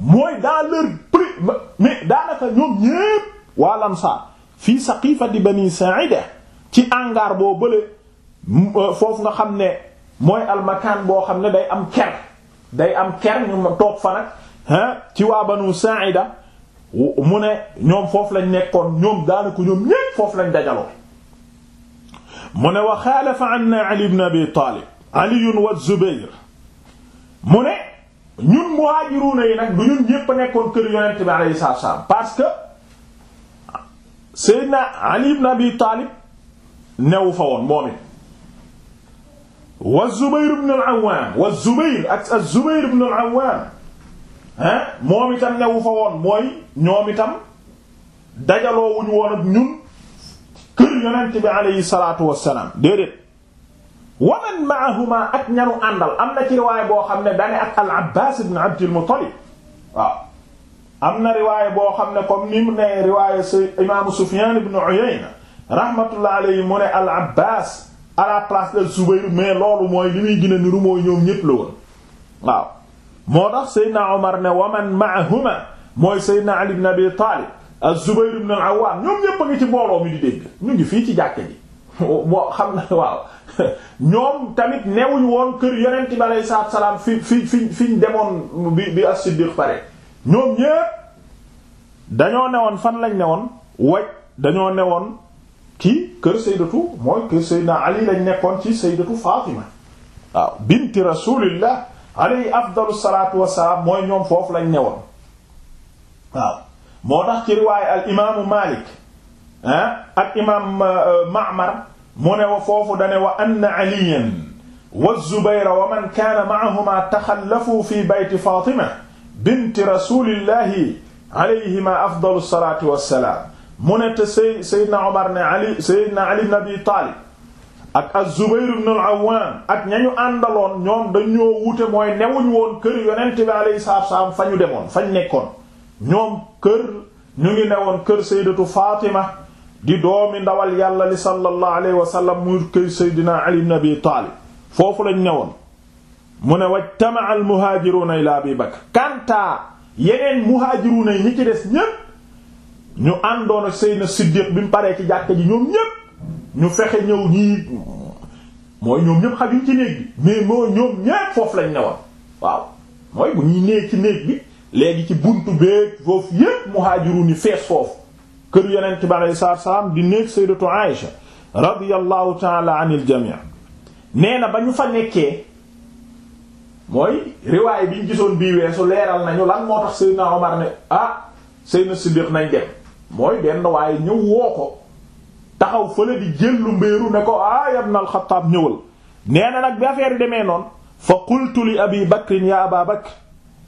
mooy dans leur prix mais daanaka ñoom ñépp waa lansaar fii saqifati bani sa'ida ci angaar boo bële euh, foofu nga xam ne mooy almakaan boo xam ne day am ker day am ker ñu toog fa nag ah ci waa banu Sa'ida mu ne ñoom foofu lañ nekkoon ñoom daanaka ñoom ñépp foofu lañ dajaloo mu ne wa xaalafa anna Ali ibn Abi Talib Ali wa Zubayr mu ne ñun muhaajiruuna yi nag du ñun ñépp nekkoon kër yonent bi alayhi salaatu salaam parce que Seydina Ali ibn Abi Talib newu fa woon moom it wa Zubayr ibn al-Awwam wa Zubayr ak az-Zubayr ibn al hein moom itam newu fa woon mooy ñoom itam dajaloo wuñu woon ak ñun kër yonent bi aleyhi salaatu wassalaam déedéet wa man ma'ahuma ak ñanu àndal am na ci riwaay boo xam ne dane ak al-Abbaas ibn Abdul Muttalib am na riwaay boo xam ne kom ni mu ne riwaay imaamu Sufyaan ibn Uyayna rahmatullah alayhi mu ne al-Abbaas à la place mais loolu mooy li muy gën a niru mooy ñoom ñépp la woon waaw moo tax Seydina Omar ne waman maahuma mooy Seydina Ali ibn Abi Talib ak Zubayr ibn al-Awwam ñoom ñépp a ngi ci mbooloo mi di dégg ñu ngi fii ci jàkka ji moo xam na waaw ñoom tamit newuñ woon kër yonent bi aleyhi salaatu salaam fi fi fi fiñ demoon bi bi pare ñoom ñépp dañoo newoon fan lañ newoon waj dañoo newoon kii kër sayyidatu mooy kër sayyidina ali lañ nekkoon ci sayyidatu fatima waaw binti rasulillah alayhi afdalu salatu wasalaam mooy ñoom foofu lañ newoon waaw moo tax ci riwaay al imaamu malik ah, ak imaam euh, ma'mar mu ne wa foofu dane wa anna aliyan wa zubayra wa man kaana ma'ahuma taxallafu fi bayti fatima binti rasulillahi alayhima afdalu salatu wasalaam mu ne te Sey Seydina Omar ne Ali Seydina Ali ibn Abi Taalib ak az-Zubayr al-Awwam ak ñañu àndaloon ñoom dañoo wute mooy newuñ woon kër yonent bi alayhi salaatu salaam fa ñu demoon fañ nekkoon ñoom kër ñu ngi newoon kër Sayyidatu Fatima di doomi ndawal yàlla li sallallahu alayhi wa sallam mu kër Seydina Ali ibn Abi Taalib foofu lañ newoon mu ne wajtama'a al-muhaajiruuna Abi Bakr kanta yeneen muhaajiruuna ñi ci des ñépp ñu àndoon ak Seydina Siddiq bi mu paree ci jàkka ji ñoom ñépp ñu fexe ñëw ñii mooy ñoom ñépp xajuñ ci néeg bi mais mooy ñoom ñépp foofu lañ newoon waaw mooy bu ñuy néeg ci néeg bi léegi ci buntu beeg foofu yépp muhaajiru ni fees foofu kër yonent bi aleyhi salaatu salaam di néeg Sayyidatu Aïsha radiyallahu ta'ala anil jami' nee na ba ñu fa nekkee mooy riwaay bi ñu gisoon bii weesu leeral nañu lan moo tax Seydina Omar ne ah na Siddiq nañ dem mooy benn waaye ñëw woo ko taxaw fële di jël lu mbéeru ne ko ah ibn al-Xattaab ñëwal nee nag bi affaire demee noonu fa qultu li abi bakrin ya aba bakr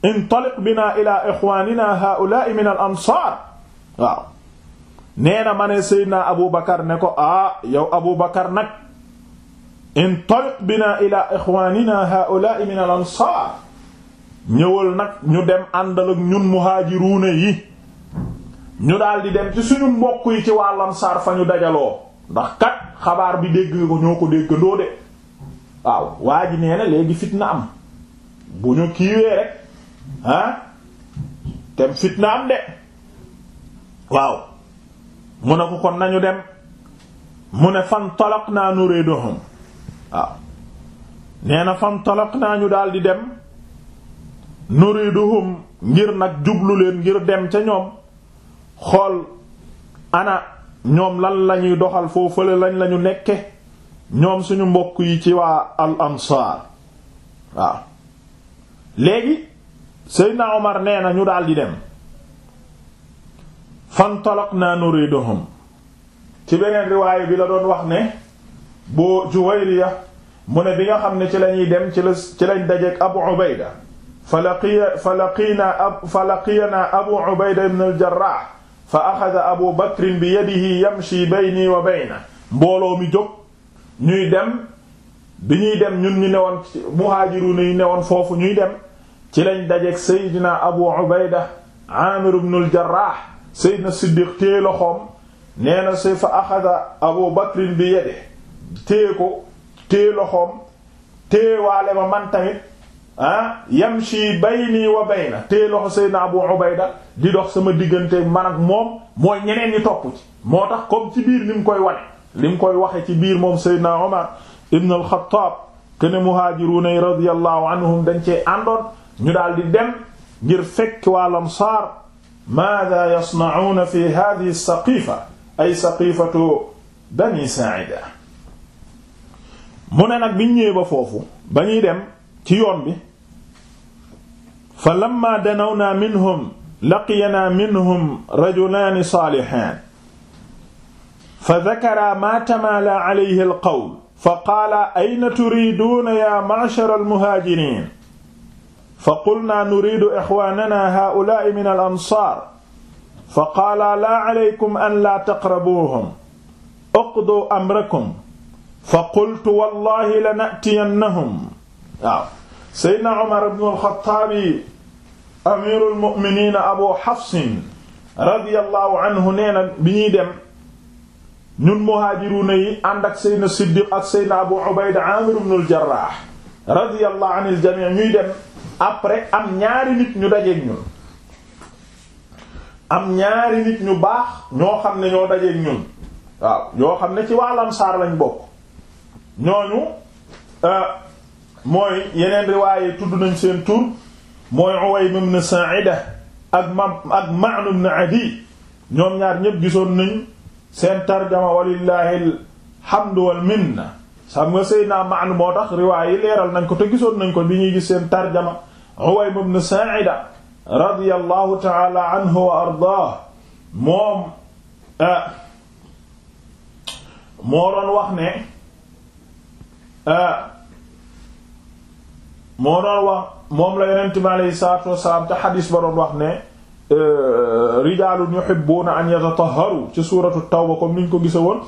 intaliq bina ila ixwanina haula'i min al ansaar waaw nee seydna abu bakar ne ko ah yow abu bakar nag intaliq bina ila ixwanina haula'i min al ansaar ñëwal nag ñu dem àndal ñun muhaajiruuna ñu daldi dem ci suñu mbokk yi ci wàllam sar fa ñu dajaloo ndax kat xabaar bi dégg nga ko ñoo ko déggandoo de waaw waa ji nee na léegi fitna am bu ñu kiiwee rek ah tem fitna am de waaw mu ne ko kon nañu dem mu ne fan tolok naa nu réedohum waaw nee na fan tolok naa ñu daldi dem nuriduhum ngir nag jublu leen ngir dem ca ñoom xool ana ñoom lan lañuy doxal foofale lañ lañu ñu nekke ñoom suñu mbokk yi ci waa al ansaar waaw léegi Seydina Omar nee na ñu daal di dem naa nuriduhum ci beneen riwaay bi la doon wax ne bu Juwayriya mu ne bi nga xam ne ci lañuy dem ci la ci lañ dajeek Abu Ubayda fa laqiya fa laqiina fa Abu Ubayda ibn al-Jarrah fa axada abu bakrin bi yadihi yamshi bayni wa bayna mbooloo mi jóg ñuy dem bi ñuy dem ñun ñu newoon muhaajiru ñu newoon foofu ñuy dem ci lañ dajeek seydina abu ubayda amir ibn al jarrah seydina siddiq téye loxoom nee na fa axada abu bakrin bi yadihi téye ko téye loxoom téye waale ma man ah yamshi bayni wa bayna tey loxo Seydina Abu Ubayda di dox sama diggante man moom mooy ñeneen ñi topp ci moo tax comme ci biir ni koy wane li koy waxe ci biir moom Seydina Umar ibn al-Khattab kene muhaajiruuna yi anhum dañ cee àndoon ñu daal di dem ngir fekk waa Ansaar maada yasna'uuna fi haadihi saqiifa ay saqifatu bani Saa'ida mu ne nag bi ñëwee ba foofu ba ñuy dem ci yoon bi fa lamma danawna minhum laqiyana minhum rajulaani saalihaan fa dakara maa tamaala alayhi alqawl fa qaala ayna turiiduuna yaa ma'shara almuhaajiriin fa qulnaa nuriidu ixwaananaa haa'ulaa'i min alansaar fa qaala laa alaykum an laa taqrabuuhum uqduu amrakum fa qultu wallaahi lana'tiyannahum waaw seydna Umar ibn al-Khattab amirul mu'minin Abu Hafsin radiyallahu anhu nee na bi ñuy dem ñun muhaajiruna yi ànd ak seydna Siddiq ak seydna Abu Ubayda Amir ibn al-Jarrah radiyallahu anil jami' ñuy dem après am ñaari nit ñu dajeeg ñun am ñaari nit ñu baax ñoo xam ne ñoo dajeeg ñun waaw ñoo xam ne ci wàllam saar lañu bokk ñooñu euh, mooy yeneen riwaaye tudd nañ seen tur mooy Uwaym ibn Sa'ida ak ma ak Ma'n Adi ñoom ñaar ñépp gisoon nañ seen tarjama walillahi alhamdu wal minna xam nga Seydina Ma'n moo tax riwaay leeral nañ ko te gisoon nañ ko bi ñuy gis seen tarjama Uwaym ibn Sa'ida radiyallahu ta'ala wa ardaah moom ah, moo doon wax ne ah, moo doon wax moom la yonent bi aleyhi salaatu wasalaam te xadis ba doon wax ne euh, rijaalun yuhibbuuna an yatatahharu ci suuratu ba comme niñ ko gisa woon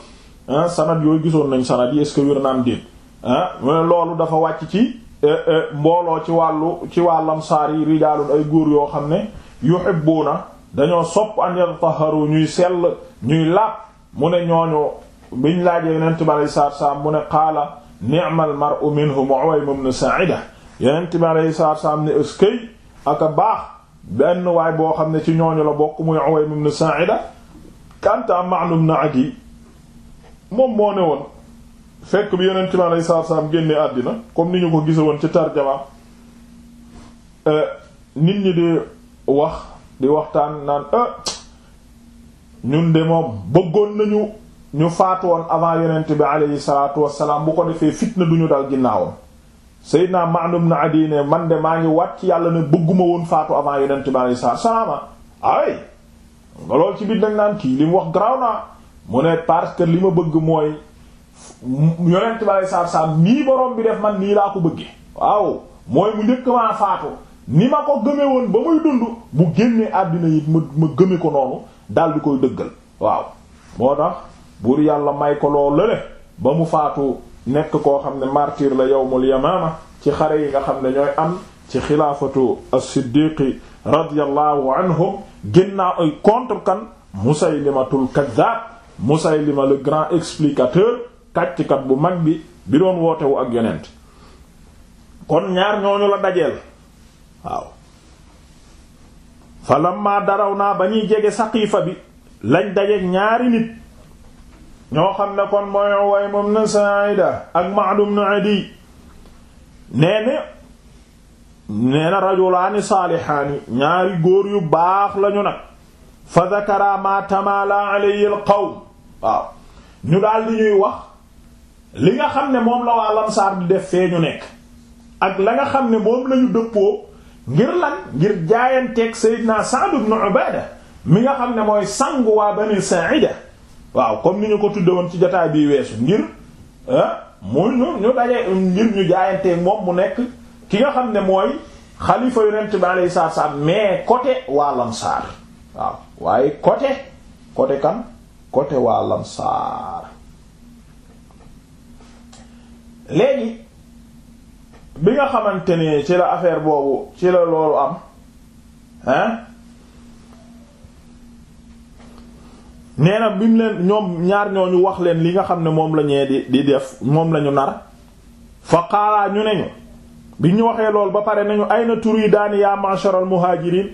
sanad yooyu gisoon nañ sanad yi est-ce que wér naam déet ah loolu dafa wàcc ci euh, euh, mbooloo ci wàllu ci wàllam saar yi rijaalun ay góor yoo xam ne yuhibbuuna dañoo sopp an yatatahharu ñuy sell ñuy laab mu ne ñooñu biñ laajee yonent bi aleyhi salaatu wasalaam mu ne qaala ni'mal mar'u minhum Uwaym ibn Sa'ida yonent bi alayhi salaatu salaam ne ëskëy ak a baax benn waay boo xam ne ci ñooñu la bokk muy Uwaym ibn Sa'ida kanta Ma'n ibn Adi moom moo ne woon fekk bi yonent bi alayhi salaatu salaam génne àddina comme ni ñu ko gise woon ci tarjama euh, nit ñi di wax di waxtaan naan euh, ñun de moom bëggoon nañu ñu faatu woon avant yonent bi alayhi salaatu wassalaam bu ko defee fitna ñu dal ginnaawam Seydina Ma'num na adine man de maa ngi wat ci yàlla ne bëgguma woon faatu avant yonent bi alei salaatu salaama ay nga lool ci biir nag naan kii li mu wax garaaw naa mu ne parce que li ma bëgg mooy yonent bi alei salaatu salaam nii borom bi def man nii laa ko bëggee waaw mooy mu njëkk maa faatu ni ma ko gëme woon ba muy dund bu génnee àddina yi ma ma gëme ko noonu daal koy dëggal waaw moo tax buur yàlla may ko loolu le ba mu faatu nekk koo xam ne martyr la yawmul yamaama ci xare yi nga xam ne ñooy am ci xilaafatu as-siddiqi radiyallahu anhum ginnaaw ay contre kan musaylimatul kaddaab musaylima le grand explicateur kàcckat bu mag bi bi doon wootewu ak yonent kon ñaar ñooñu la dajeel waaw falamma daraw naa ba ñuy jege saqiifa bi lañ dajeek ñaari nit ñoo xam ne kon mooy Uwaym ibn Sa'ida ak Ma'd ibn Adi nee na rajulaani saalihaani ñaari góor yu baax lañu nag fa zakara ma tamala alayhi al ñu daal li ñuy wax li nga xam ne moom la waa lamsaar di def fee ñu nekk ak la nga xam ne moom lañu dëppoo ngir lan ngir jaayanteeg Seydina Sa'd ibn Ubaada mi nga xam ne mooy sangu waa Bani Sa'ida waaw comme ni ñu ko tudde woon ci jotaay bii weesu ngir ah, mu ñu ñu dajee ngir ñu jaayantee moom mu nekk ki nga xam ne mooy xalifa yonent bi alayhi salaatu salaam mais côté waa Lamsaar waaw côté côté kan côté waa léegi bi nga xamante ne ci la affaire boobu ci la loolu am hein nee na bi mu leen ñoom ñaar ñooñu wax leen li nga xam ne moom la ñee di di def moom lañu ñu nar fa xaalaa ñu ne ñu bi ñu waxee lool ba pare nañu ay na tur yi daani yaa masharal muhaajiriin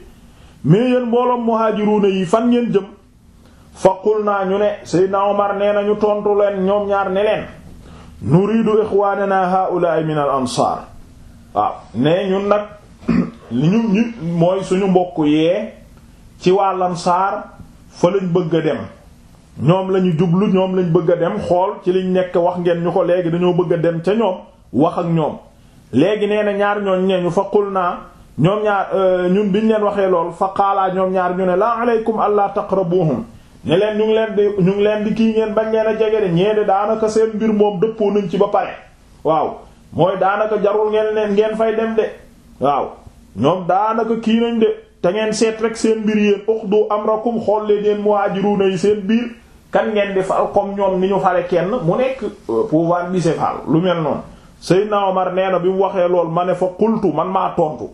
mais yéen mbooloom muhaajiruuna yi fan ngeen jëm fa qul naa ñu ne Seydina Omar nee na ñu tontu leen ñoom ñaar ne leen nuriidu ixwaananaa haa'ulaa'i min al ansaar waaw ne ñun nag li ñu ñu mooy suñu mbokk yee ci waa lansaar fa lañ bëgg a dem ñoom lañu jublu ñoom lañ bëgg a dem xool ci liñ nekk wax ngeen ñu ko léegi dañoo bëgg a dem ca ñoom wax ak ñoom léegi nee na ñaar ñooñ ne ñu fa qul naa ñoom ñaar euh, ñun biñ leen waxee lool fa qaalaa ñoom ñaar ñu ne la aleykum allaa taqrabuhum ne leen ñu ngi leen di ñu ngi leen di kii ngeen bañ leen a jege de ñeede daanaka seen mbir moom dëppoo nañ ci ba pare waaw mooy daanaka jarul ngeen leen ngeen fay dem de waaw ñoom daanaka te ngeen seet rek seen mbir yéen uxdu amrakum xool leen yéen muhajiruna yi seen biir kan ngeen di fal comme ñoom ni ñu fale kenn mu nekk euh, pouvoir bi c'est fal lu mel noonu Seydina Omar nee na bi mu waxee lool ma ne fa qultu man maa tontu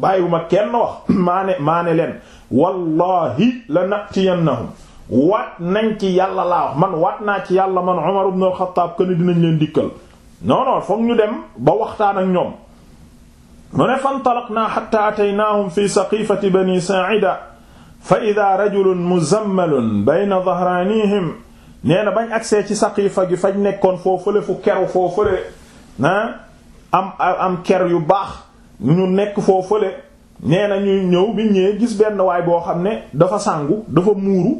bàyyi bu ma kenn wax maa ne maa ne leen wallahi la natiyannahum waat nañ ci yàlla laa wax man waat naa ci yàlla man Omar ibn al-Khattab ken dinañ leen dikkal non non ñu dem ba waxtaan ak ñoom mu ne fantalaqnaa xatta ataynaahum fi saqifati bani saacida fa ida rajulun muzammalun bayna dahraanihim nee na bañ agsee ci saqifa gi fañ nekkoon foofale fu keru foofale ah am am ker yu baax ñu nekk foofale nee na ñuy ñëw bi ñëwee gis benn waay boo xam ne dafa sangu dafa muuru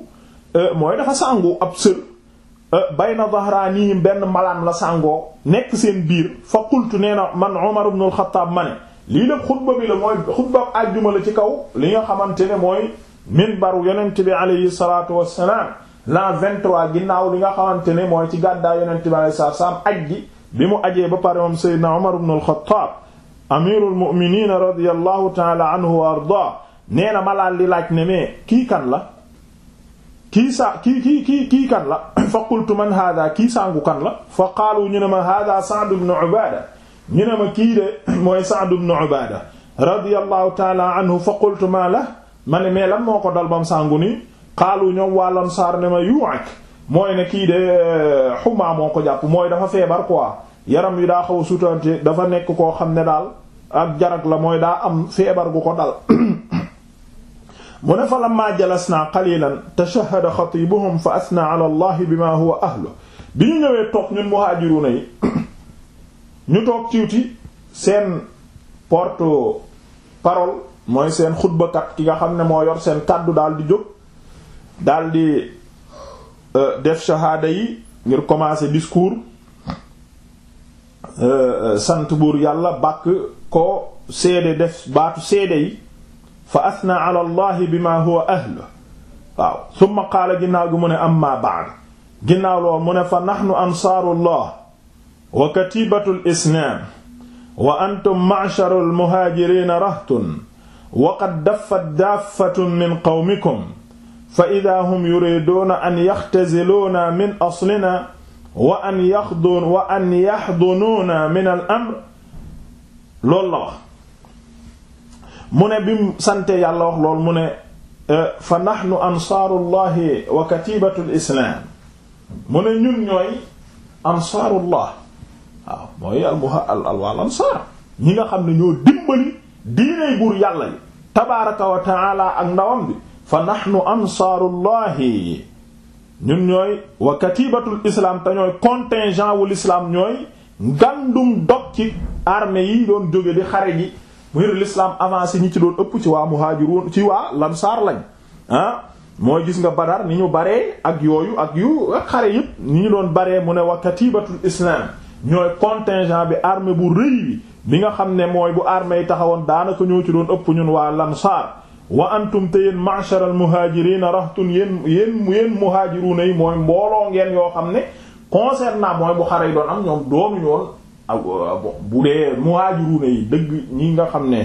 euh, mooy dafa sangu ab sër euh, bayna dahraanihim benn malaan la sangoo nekk seen biir fa qultu nee man Umar ibn al ma ne lii lépp xutba bi la mooy xutba àjjuma la ci kaw li nga xamante ne mooy minbaru yonent bi alayhi salaatu wassalaam l'an 23 ginnaaw li nga xamante ne mooy ci gàddaay yonent bi alayhi salaatu wassalaam aj gi bi mu ajee ba pare moom Seydina Umar ibn al-Khattab amirul mu'minin radiyallahu ta'ala anhu wa ardaa nee na malaal li laaj ne mais kii kan la kii sa kii kii kii kii la fa qultu man hada kii sangu kan la fa qaalu ñu ne ma hada Sa'd ibn Ubaada ñu ne ma kii de mooy Sa'd ibn Ubaada radiyallahu taala anhu fa qultu ma la ma ne moo ko dal bam sàngu ni xaalu ñoom wàllan saar ne ma yuak mooy ne kii de xumaa euh, moo ko jàpp mooy dafa feebar quoi yaram wi daa xaw a dafa nekk koo xam ne daal ak jarak la mooy daa am feebar ko dal mu ne fa lamma jalasna qalilan tashahhada xatibuhum fa asna ala allah bima huwa ahlu bi ñu ñëwee toog ñun muhaajiruuna yi ñu toog ciwti seen porte parole mooy seen xutbakat ki nga xam ne moo yor seen kàddu daal di jóg dal di euh, def shahada yi ngir commencer discours euh, euh, sant buur yàlla bakk ko seede def baatu seede yi fa asna ala allahi bima huwa ahlu waaw summa qaala ginnaaw gi mu ne amma ba'd ginnaaw lool mu ne fa nahnu ansaarullah wa katibatul islam wa antum ma'sharul muhaajiriina rahtun wa qad daffat daaffatun min qawmikum fa idaa hum yuriiduuna an yaxtaziluuna min aslinaa wa an yaxdun wa an yaxdunuuna min al amr loolu la wax mu ne bi mu sante yàlla wax lool mu ne e, fa naxnu ansaarullahi wa katibatul islaam mu ne ñun ñooy ansaarullah mooy al muha al al wal ñi nga xam ne ñoo dimbali diinay buur yàlla yi tabaraka wa taala ak ndawam bi fa nahnu ansaarullahi ñun ñooy wa katibatul islam te ñooy contingent wul islam ñooy ngandum dog ci armée yi doon jóge di xare ji ngir l'islam avancé ñi ci doon ëpp ci waa muhaajiruun ci waa lansaar lañ ah mooy gis nga badar ni ñu baree ak yooyu ak yu ak xare yëpp ni ñu doon baree mu ne wa katibatul ñooy contingent bi armée bu rëy bi nga xam ne mooy bu armee yi taxawoon daanaka ñoo ci doon ëpp ñun waa lansaar wa antum te yéen ma'shar al muhajirina raxtun yéen yéen yéen muhajiruna yi mooy mbooloo ngeen yoo xam ne concernant mooy bu xare yi doon am ñoom doonuñu woon euh, bu dee muhajiruna yi dëgg ñi nga xam ne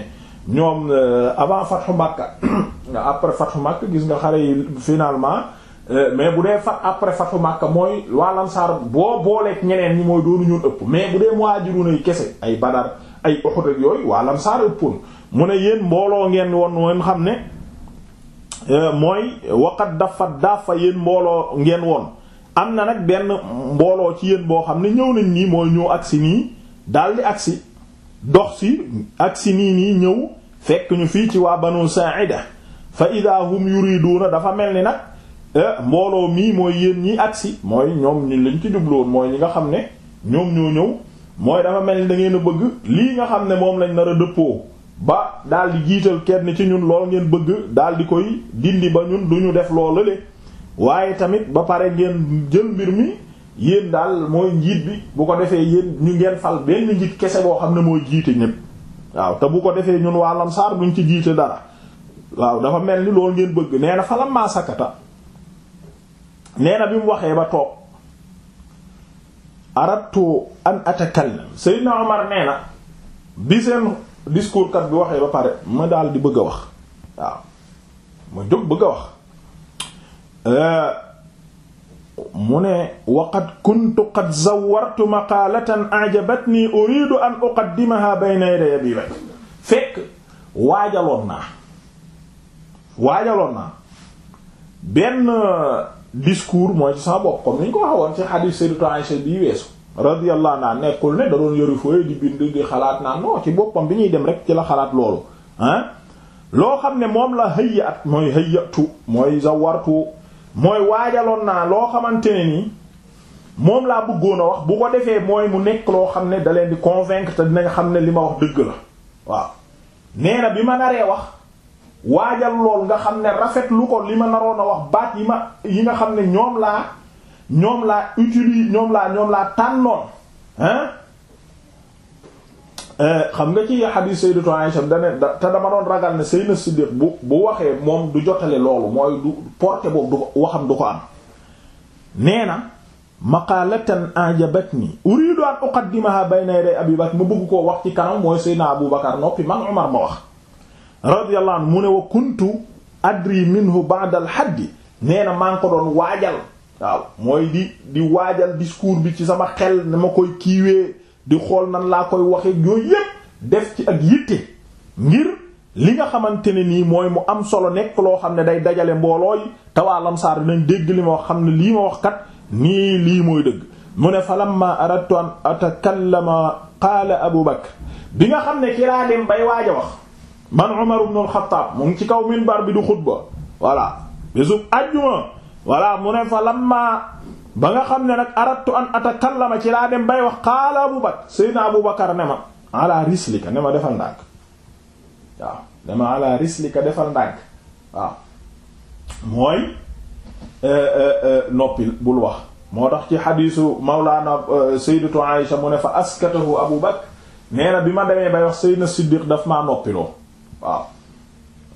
ñoom euh, avant fathu Makka après fathu Makka gis nga xare yi finalement Euh, mais bu dee fat après fatu Makka mooy waa Ansaar boo booleeg ñeneen ñi mooy doonu ñun ëpp mais bu dee muhaajiruun ay kese ay Badar ay Uhud ak yooyu waa Ansaar ëppoon mu ne yéen mbooloo ngeen woon ngeen xam ne euh, mooy waqat dafa dafa yéen mbooloo ngeen woon am na nag benn mbooloo ci yéen boo xam ne ñëw nañ nii mooy ñëw si nii daldi agsi dox si agsi nii nii ñëw fekk ñu fii ci waa Banu Sa'ida fa idaa hum yuriduuna dafa mel ni nag Eh, mbooloo mii mooy yéen ñi agsi mooy ñoom ñi lañ ci jubloon mooy ñi nga xam ne ñoom ñoo ñëw mooy dafa mel ni da ngeen a bëgg lii nga xam ne moom lañ nar a dëppoo ba daal di jiital kenn ci ñun lool ngeen bëgg daal di koy dindi ba ñun du ñu def loolu le waaye tamit ba pare ngeen jël mbir mi yéen daal mooy njiit bi bu ko defee yéen ñu ngeen fal benn njiit kese boo xam ne mooy jiite ñépp waaw te bu ko defee ñun waa Lamsaar duñ ci jiite dara waaw dafa mel ni loolu ngeen nee na falam maa nee na bi mu waxee ba toog aradtu an atakallam Seydina Omar nee bi seen discours kat bi waxee ba pare ma daal di bëgg a wax waaw ma jóg bëgg a wax eh, mu ne waqad kuntu qad zawartu maqalatan a'jabatni uridu an uqaddimaha bayna yaday abi fekk waajaloon naa waajaloon naa benn discours mooy ci sama bopp comme ni ñu ko waxoon ci hadith Sayyidatu Aisha bi weesu radiyallahu anha nekkul ne da doon yëru fooy di bind di xalaat naan non ci boppam bi ñuy dem rek ci la xalaat loolu ah loo xam ne moom la hayya at mooy hayyatu mooy zawartu mooy waajaloon naa loo xamante ne ni moom laa bëggoon a wax bu ko defee mooy mu nekk loo xam ne da leen di convaincre te dinañ xam ne li ma wax dëgg la waaw nee bi ma naree wax waajal lool nga xam ne rafet lu ko li ma naroon a wax baat yi ma yi nga xam ne ñoom laa ñoom laa utilise ñoom laa ñoom laa tànnoon hein eh, xam nga ci hadith sayyidatu Aisha dane te dama doon ragal ne Sayyidina Siddiq bu bu waxee moom du jotale loolu mooy du porté boobu du waxam du ko am nee na maqalatan ajabatni uridu an uqaddimaha bayna yaday Abi Bakr ma bëgg ko wax ci kanam mooy Sayyidina Abu Bakar noppi man Umar ma wax radiyallahu anhu mu ne wa kuntu adri minhu baadal al haddi nee na maa ngi ko doon waajal waaw mooy di di waajal discours bi ci sama xel ni ma koy kiiwee di xool nan laa koy waxe yooyu yépp def ci ak yitte ngir li nga xamante ne nii mooy mu am solo nekk loo xam ne day dajale mbooloo yi tawaalam saar nañ dégg li ma wax xam ne lii ma wax kat nii lii mooy dëgg mu ne falamma aradtu an atakallama qaala Abu Bakr bi nga xam ne ci laa bay waaj a wax man Umar ibn al-Khattab mu ngi ci kaw minbar bi du xutba voilà bésub ajjuma voilà mu ne fa lamma ba nga xam ne nag aradtu an atakallama ci laa dem bay wax qaala Abu Bakr Seydina Abu Bakr ne ma ala rislika defal ndànk rislika defal ndànk waaw mooy eh, eh, eh, noppi bul wax moo tax ci xadiisu mawlaana Sayyidatu Aisha mu ne fa askatahu Abu Bakr nee na bi ma demee bay wax Seydina Siddiq daf maa noppiloo waaw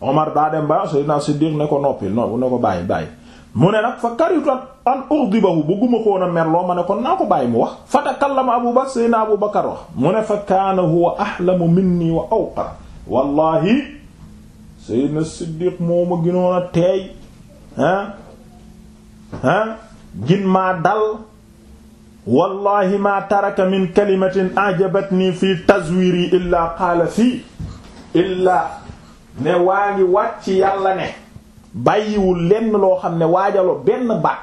Omar daa dem ba Seydina Siddiq ne ko noppil non ne ko bàyyi bàyyi mu ne nag fa karitu an urdibahu bëgguma koon a merloo ma ne kon naa ko bàyyi mu wax fa takallama Abu Bakr Seydina Abu Bakr wax mu ne fa kaana huwa ahlamu minni wa awqara wallahi Seydina Siddiq moo ma gënoon a teey gin maa dal wallahi ma taraka min kalimatin ajabatni fi tazwiri illa qaala fii illaa ne waa ngi wàcc yàlla ne bàyyiwul lenn loo xam ne waajaloo benn baat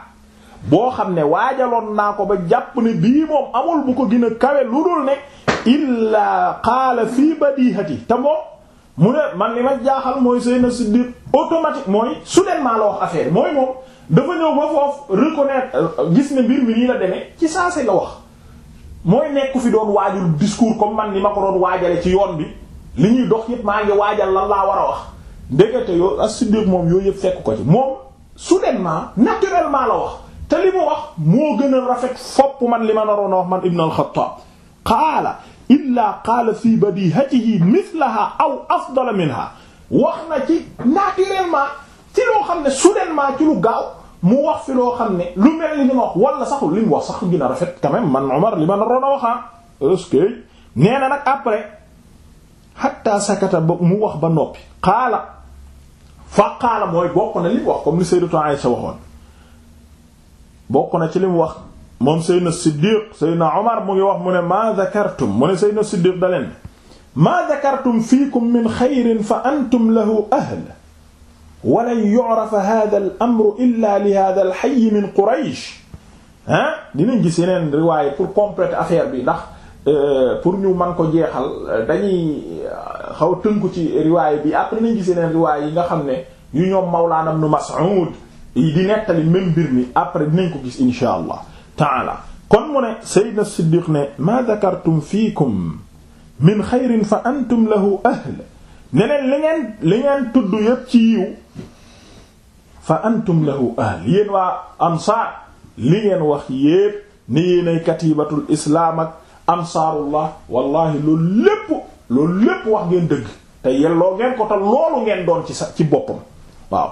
boo xam ne waajaloon naa ko ba jàpp ne bii moom amul bu ko gën a kawe lu dul ne illaa qaala fii badihati te moom mu ne man li ma jaaxal mooy Seydina Siddiq automatique mooy soudainement la wax affaire mooy moom dafa ñëw ba foofu reconnaître euh, gis ne mbir mi nii la demee ci saa si la wax mooy nekku fi doon waajul discours comme man ni ma ko doon waajale ci yoon bi li ñuy dox yëpp maa ngi waajal lan laa war a wax ndekete yoo as-Siddiq moom yooyu yëpp fekk ko ci moom soudainement naturellement la wax te li mu wax moo gën a rafet fopp man li ma naroon a wax man Ibn al-Khattab qaala illaa qaala fii badihatihi mithlaha aw afdala minha wax na ci naturellement ci loo xam ne soudainement ci lu gaaw mu wax fi loo xam ne lu mel ni li ma wax wala sax li mu wax sax gën rafet quand même man Omar li ma naroon a wax ah est-ce que nee na nag après xatta sakata ba mu wax ba noppi xaala fa xaala mooy bokk na li mu wax comme li sayyidatu Aisha waxoon bokk na ci li mu wax moom sayyidna Siddiq sayyidna Umar mu ngi wax mu ne ma zakartum mu ne sayyidna Siddiq da leen ma zakartum fiikum min xayrin fa antum lahu ahl walan yu'rafa hadha al-amru illa li hadha al-hayy min Quraysh ah dinañ gis yeneen riwaaya pour compléter affaire bi ndax Euh, pour ñu man ko jeexal euh, dañuy euh, xaw tënku ci riwaay bi après nañ gisee neen riwaay yi nga xam ne yu ñoom Mawlaana Ibn Mas'ud yi di nettali même mbir mi après dinañ ko gis insha allah taala kon mu ne Seydina Siddiq ne ma dakartum fiikum min xayrin fa antum lahu ahl neneen li ngeen tudd yépp ci yiw fa antum lahu ahl yéen waa ansaar li ngeen wax yépp ne yéenay katibatul islaam ak ansaarullah wallahi loolu lépp loolu lépp wax ngeen dëgg te yelloo ngeen ko te loolu ngeen doon ci sa ci boppam waaw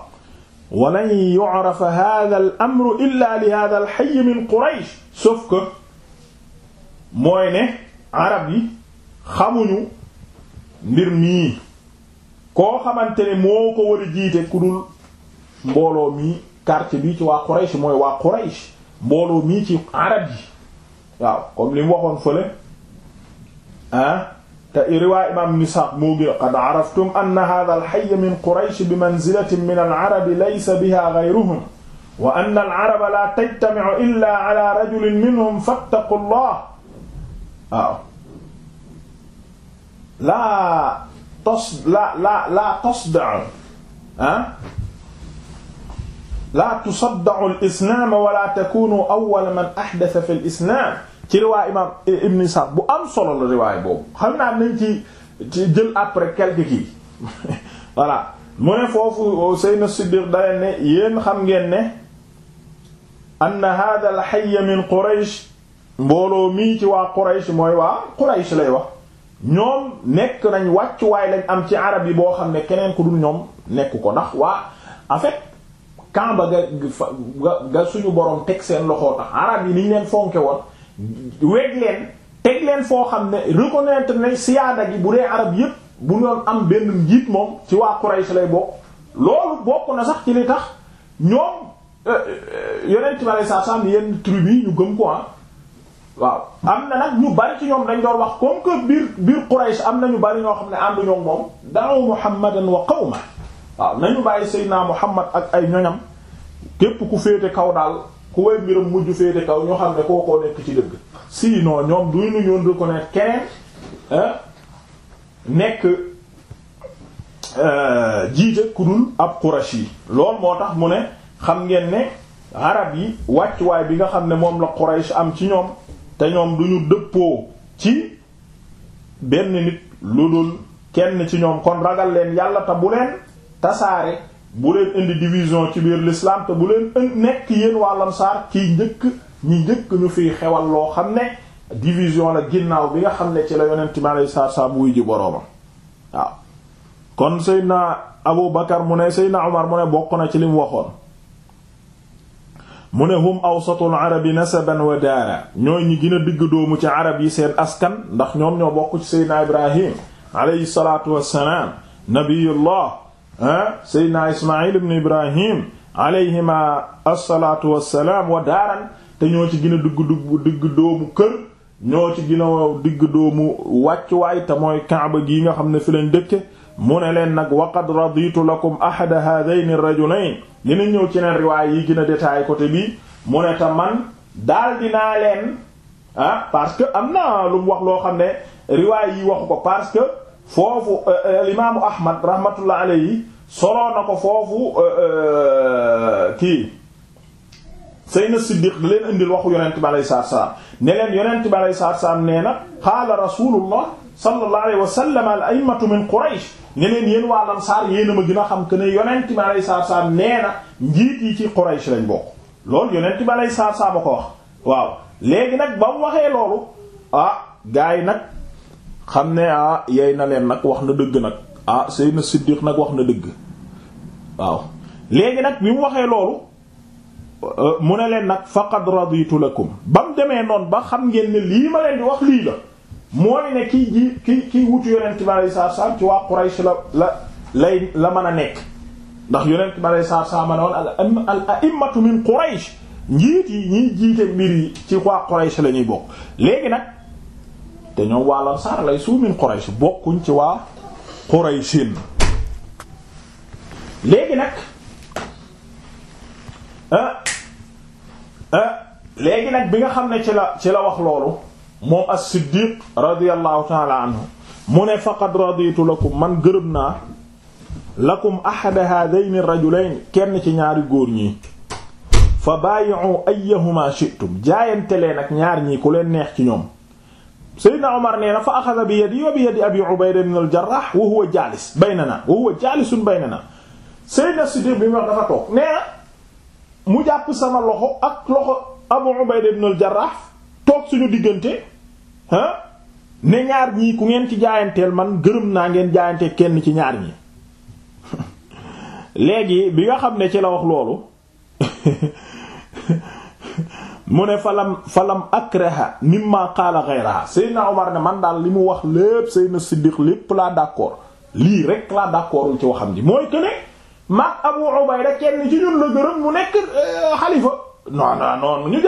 walan yu'rafa hadha al amru illa li hadha al min quraish sauf mooy ne arab yi xamuñu mbir mii koo xamante ne moo ko war a jiite ku dul mbooloo mi karti bi ci waa quraish mooy waa quraish mbooloo mii ci arab yi waaw comme li mu waxoon fële ah te riwaay imam nisaq moo gi qad araftum anna hadha al-hayy min quraysh bi manzilatin min al-arab laysa biha ghayruhum wa anna al-arab la tajtami'u illa ala rajulin minhum fattaqullah waaw la tos la la la tosda ah laa tusaddacu lislaam wala takunu awwala man ahdasa fi lislaam ci riwaay imam ibn Isxaaq bu am solo la boobu xam naa nañ ci ci jël après quelque kii voilà mu ne foofu Seydina Siddiq daleen ne yéen xam ngeen ne ann hada al hayy min Quraysh mbooloo mii ci waa Quraysh mooy waa Quraysh lay wax ñoom nekk nañ wàccuwaay lañ am ci arab yi boo xam ne keneen ku dul ñoom nekk ko ndax waa Kaaba ga ga suñu boroom teg seen loxoo tax arab yi niñ leen fonke woon weg leen teg leen foo xam ne reconnaître ne siyaada gi bu dee arab yépp bu doon am benn njiit moom ci waa Quraysh lay bokk loolu bokk na sax ci li tax ñoom yeneen tubaab yi sax yenn tribu yi ñu gëm ko ah waaw am na nag ñu bari ci ñoom dañ doon wax comme que biir biir am na ñu bari ñoo xam ne ànduñoo moom daaw Muhammadan wa qawma waaw nañu bàyyi Seydina Muhammad ak ay ñoñam képp ku féete kaw daal ku way mbiram mujj féete kaw ñoo xam ne koo kookoo nekk ci dëgg noo ñoom du ñu ko reconnaître keneen nekk euh, jiite ku dul ab Qurashi yi loolu moo tax mu ne xam ngeen ne arab yi wàccuwaay bi nga xam ne moom la Quraysh am ci ñoom te ñoom du ñu dëppoo ci benn nit lu dul kenn ci ñoom kon ragal leen yàlla te bu leen tasaare bu indi division ci biir l'islam te bu leen nekk yéen waa lamsaar kiy njëkk ñi njëkk ñu fiy xewal loo xam ne division la ginnaaw bi nga xam ne ci la yonent mi aleyhi salaatu salaam wuy ji boroomam waaw kon Seydina Abu mu ne Seydina Umar mu ne bokk na ci li mu waxoon mu ne hum awsatul arabi nasaban wa daara ñooy ñi gën a digg doomu ci arab yi seen askan ndax ñoom ñoo bokk ci Seydina Ibrahim aleyhi salaatu wassalaam nabiyullah ah seydna ismail ibn ibrahim alayhima asalaatu wassalaam wa daaran te ñoo ci gën a dugg dugg digg doomu kër ñoo ci gën a digg doomu wàccuwaay te mooy kaaba gii nga xam ne fi lañ dëkke mu ne leen nag waqad raditu lakum ahada hadayn ar-rajulayn dina ñëw ci neen riwaay yi gën a détaillé côté bii mu ne ta man daal dinaa leen ah, parce que am na lu mu wax loo xam ne riwaay yi waxu ko parce que foofu euh, euh, alimaamu ahmad rahmatullah alayhi soloo na ko foofu euh, kii sayna siddiq da leen indil waxu yonent bi alayhi salaatu salaam ne leen yonent bi alayhi salaatu salaam nee na qaala rasulullah sallallahu alayhi wa sallam min quraysh ne leen yéen Ansaar yéen a ma gën a xam ne yonent bi salaam nee na njiit ci quraysh lañ bokk lool yonent bi alayhi salaam a wax waaw léegi nag loolu ah gaa yi xam ne ah yey na leen nag wax na dëgg nag ah Seydina Siddiq nag wax na dëgg waaw léegi nag bi mu waxee loolu euh, mu ne leen nag faqad raditu lakum ba mu demee noon ba xam ngeen ne lii ma leen di wax lii la mooy ne kii ji ki kii wutu yonent bi alei satu salaam ci waa Quraysh la la la mën a nekk ndax yonent bi alei satu salaam ma ne woon al a'immatu min Quraysh njiit yi ñiy jiite mbir yi ci waa Quraysh la bokk léegi nag te ñoom waa lansaar lay suumin Quraysh bokkuñ ci waa Qurayshin léegi nag ah, ah, léegi nag bi nga xam ne ci la ci la wax loolu moom as-Siddiq radiyallahu ta'ala anhu mu ne faqad raditu lakum man gërëm naa lakum ahada hadayni rajulayn kenn ci ñaari góor ñi fa baayi'u ayyahuma shi'tum jaayante leen ak ñaar ñi ku leen neex ci ñoom Seydina Omar nee na fa axada bi yadi wa bi yadi abi Ubayda ibn al-Jarrah wa huwa jaalis baynana wa huwa jaalisun baynana Seydina Siddiq bi mu wax dafa toog nee na mu jàpp sama loxo ak loxo Abu Ubayda ibn al-Jarrah toog suñu diggante ne ñaar ñii ku ngeen ci jaayanteel man gërëm naa ngeen jaayante kenn ci ñaar ñi léegi bi nga xam ne ci la wax loolu mu ne falam falam akraha mimma qaala ghayraha Seydina Omar ne man daal li mu wax lépp Seydina Siddiq lépp laa d'accord lii rek laa d'accordul ci waxam ji mooy que ne maag Abu Ubayda kenn ci ñun la gërëm mu nekk euh, xalifa non non non ñu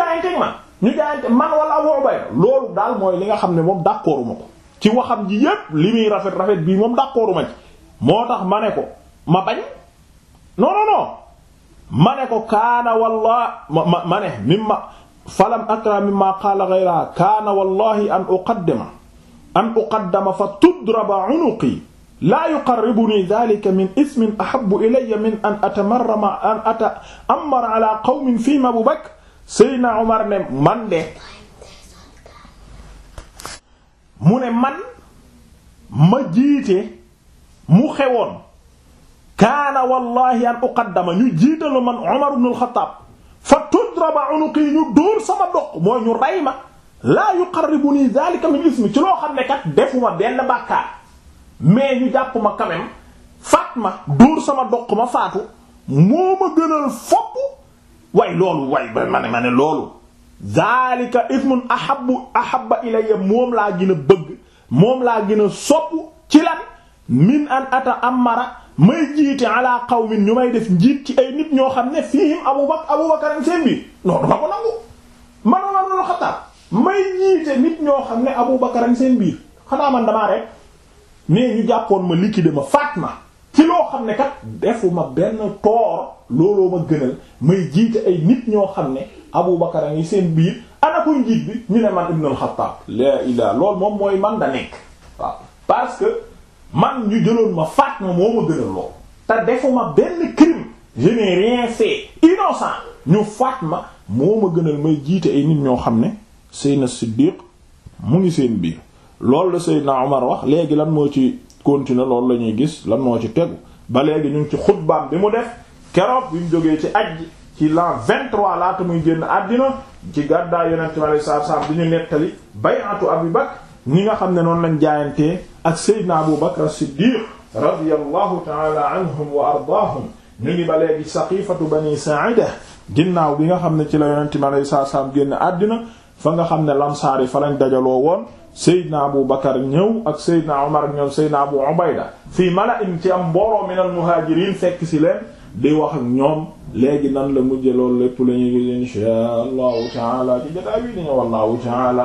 daal mooy li nga xam ne moom d'accorduma ko ci waxam ji li muy rafet rafet bii moom d'accorduma moo tax ma ne ko ma ne ko kaana walla ma ma ne mimma falam akra mimma qaala ghayraha kaana wallahi an uqaddima an uqaddama fa tudraba unuqi laa yuqarribunii daalika min ismin ahabbu ilayya min an atamarrama an ata'ammara ala qawmin fiihim Abu Bakr Seydina Omar ne man de mu ne man ma jiite mu xewoon kaana wallaahi an uqaddama ñu jiital man Omar ibn al-Khattab fa tudraba unuqi ñu dóor sama doq mooy ñu rey ma laa yuqarribuni dhalika min ismi ci loo xam ne kat defuma benn bàkkaar mais ñu jàpp ma quand même faat ma dóor sama doq ma faatu moo ma gënal fopp way loolu way ba ma ne ma ne loolu dhalika ismun ahabbu ahabba ilayya moom laa gën a bëgg moom laa gën a sopp ci lan min an ata amara may jiite ala qawmin ñu may def njiit ci ay nit ñoo xam ne fiihim Abu Bakr Abu Bakr seen bi non dama ko nangu man Umar ibn Khattab may jiite nit ñoo xam ne Abu Bakr seen biir xanaa man rek mais ñu jàppoon ma liquider ma faat ma ci loo xam ne kat defuma benn toor looloo ma gënal may jiite ay nit ñoo xam ne Abu Bakr a seen biir ana ko njiit bi ñu ne man Ibn al-Khattab. la ilaha loolu moom mooy man da nekk waaw parce man ñu jëloon ma faat ma moo ma gënal lool te defuma benn crime je n'ai rien fait innocent ñu faat ma moo ma gënal may jiite ay nit ñoo xam ne Seydina Siddiq mu ngi seen biir loolu la Seydina Omar wax léegi lan moo ci continuer loolu la ñuy gis lan moo ci tegu ba léegi ñu ngi ci xutbaam bi mu def keroog bi mu jógee ci ajj ci l'an 23 laata muy génn àddina ci gàddaay yonent bi sallallahu alayhi wasallam bi ñu nettali bay'atu Abi Bakr ñi nga xam ne noonu lañ jaayantee ak Seydina Abu Bakr Siddiq radiyallahu taala anhum wa ardaahum ñu ngi ba léegi saqifatu bani Sa'ida ginnaaw bi nga xam ne ci la yonent mi alayhi salaatu génn àddina fa nga xam ne lamsaar yi fa lañ dajaloo woon Seydina Abu Bakar ñëw ak Seydina Omar ñëw Seydina Abu Ubayda fii mala'in ci am mbooloo minal muhaajiriin fekk si leen di wax ak ñoom léegi nan la mujjee loolu lépp la ñuy gis inshaa Allahu taala ci jotaay bi dañu wallahu taala